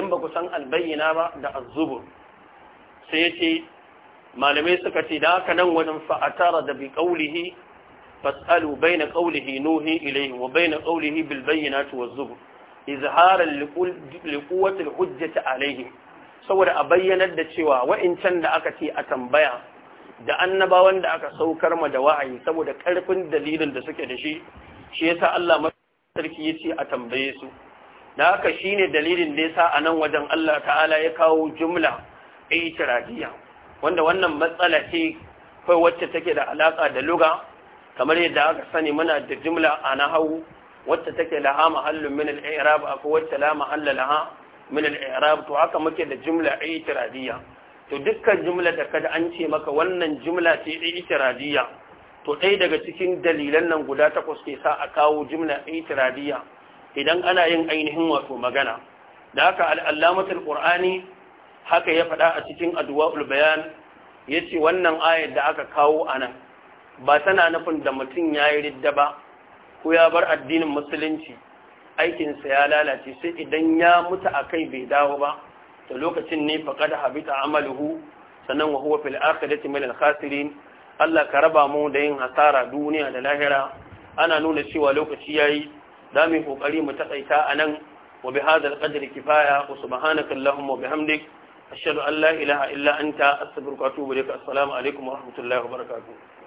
in ba ku san al bayyina ba da az zubur sai yace malamai suka ce da haka nan wajen fa'atara da bi qawlihi فاسألوا بين قوله نوهي إليه وبين قوله بالبينات izaharar إظهارا لقوة الحجة عليهم saboda a bayyanar da cewa wa'incan da aka ce a tambaya da annabawan da aka saukar ma da wa'ayi saboda karfin dalilin da suke da shi shi sa Allah sarki yace a tambaye su da haka shine dalilin da a nan wajen Allah ta'ala ya kawo jumla itiradiya wanda wannan matsala ce kai wacce take da alaƙa da luga kamar yadda aka sani muna da jimla a nahawu wacce take laha mahallun min al-i'rab akwai wacce la mahalla laha min al-i'rab to haka muke da jimla i'tiradiyya to dukkan jimla da kada an ce maka wannan jimla ce i'tiradiyya to dai daga cikin dalilan nan guda takwas ke sa a kawo jimla i'tiradiyya idan ana yin ainihin wato magana da haka al qur'ani haka ya faɗa a cikin adwa'ul bayan yace wannan ayar da aka kawo anan ba tana nufin da mutum ya yi ridda ba ko ya bar addinin musulunci aikinsa ya lalace sai idan ya mutu a kai bai dawo ba da lokacin ne faƙad habita amaluhu sannan wa huwa fil akhirati min al khasirin Allah ka raba mu da yin hasara duniya da lahira ana nuna cewa lokaci yayi da mu kokari mu takaita anan wa bi hadha al qadri kifaya wa subhanaka allahumma wa bihamdik ashhadu an la ilaha illa anta astaghfiruka wa atubu ilaik assalamu alaikum wa rahmatullahi wa barakatuh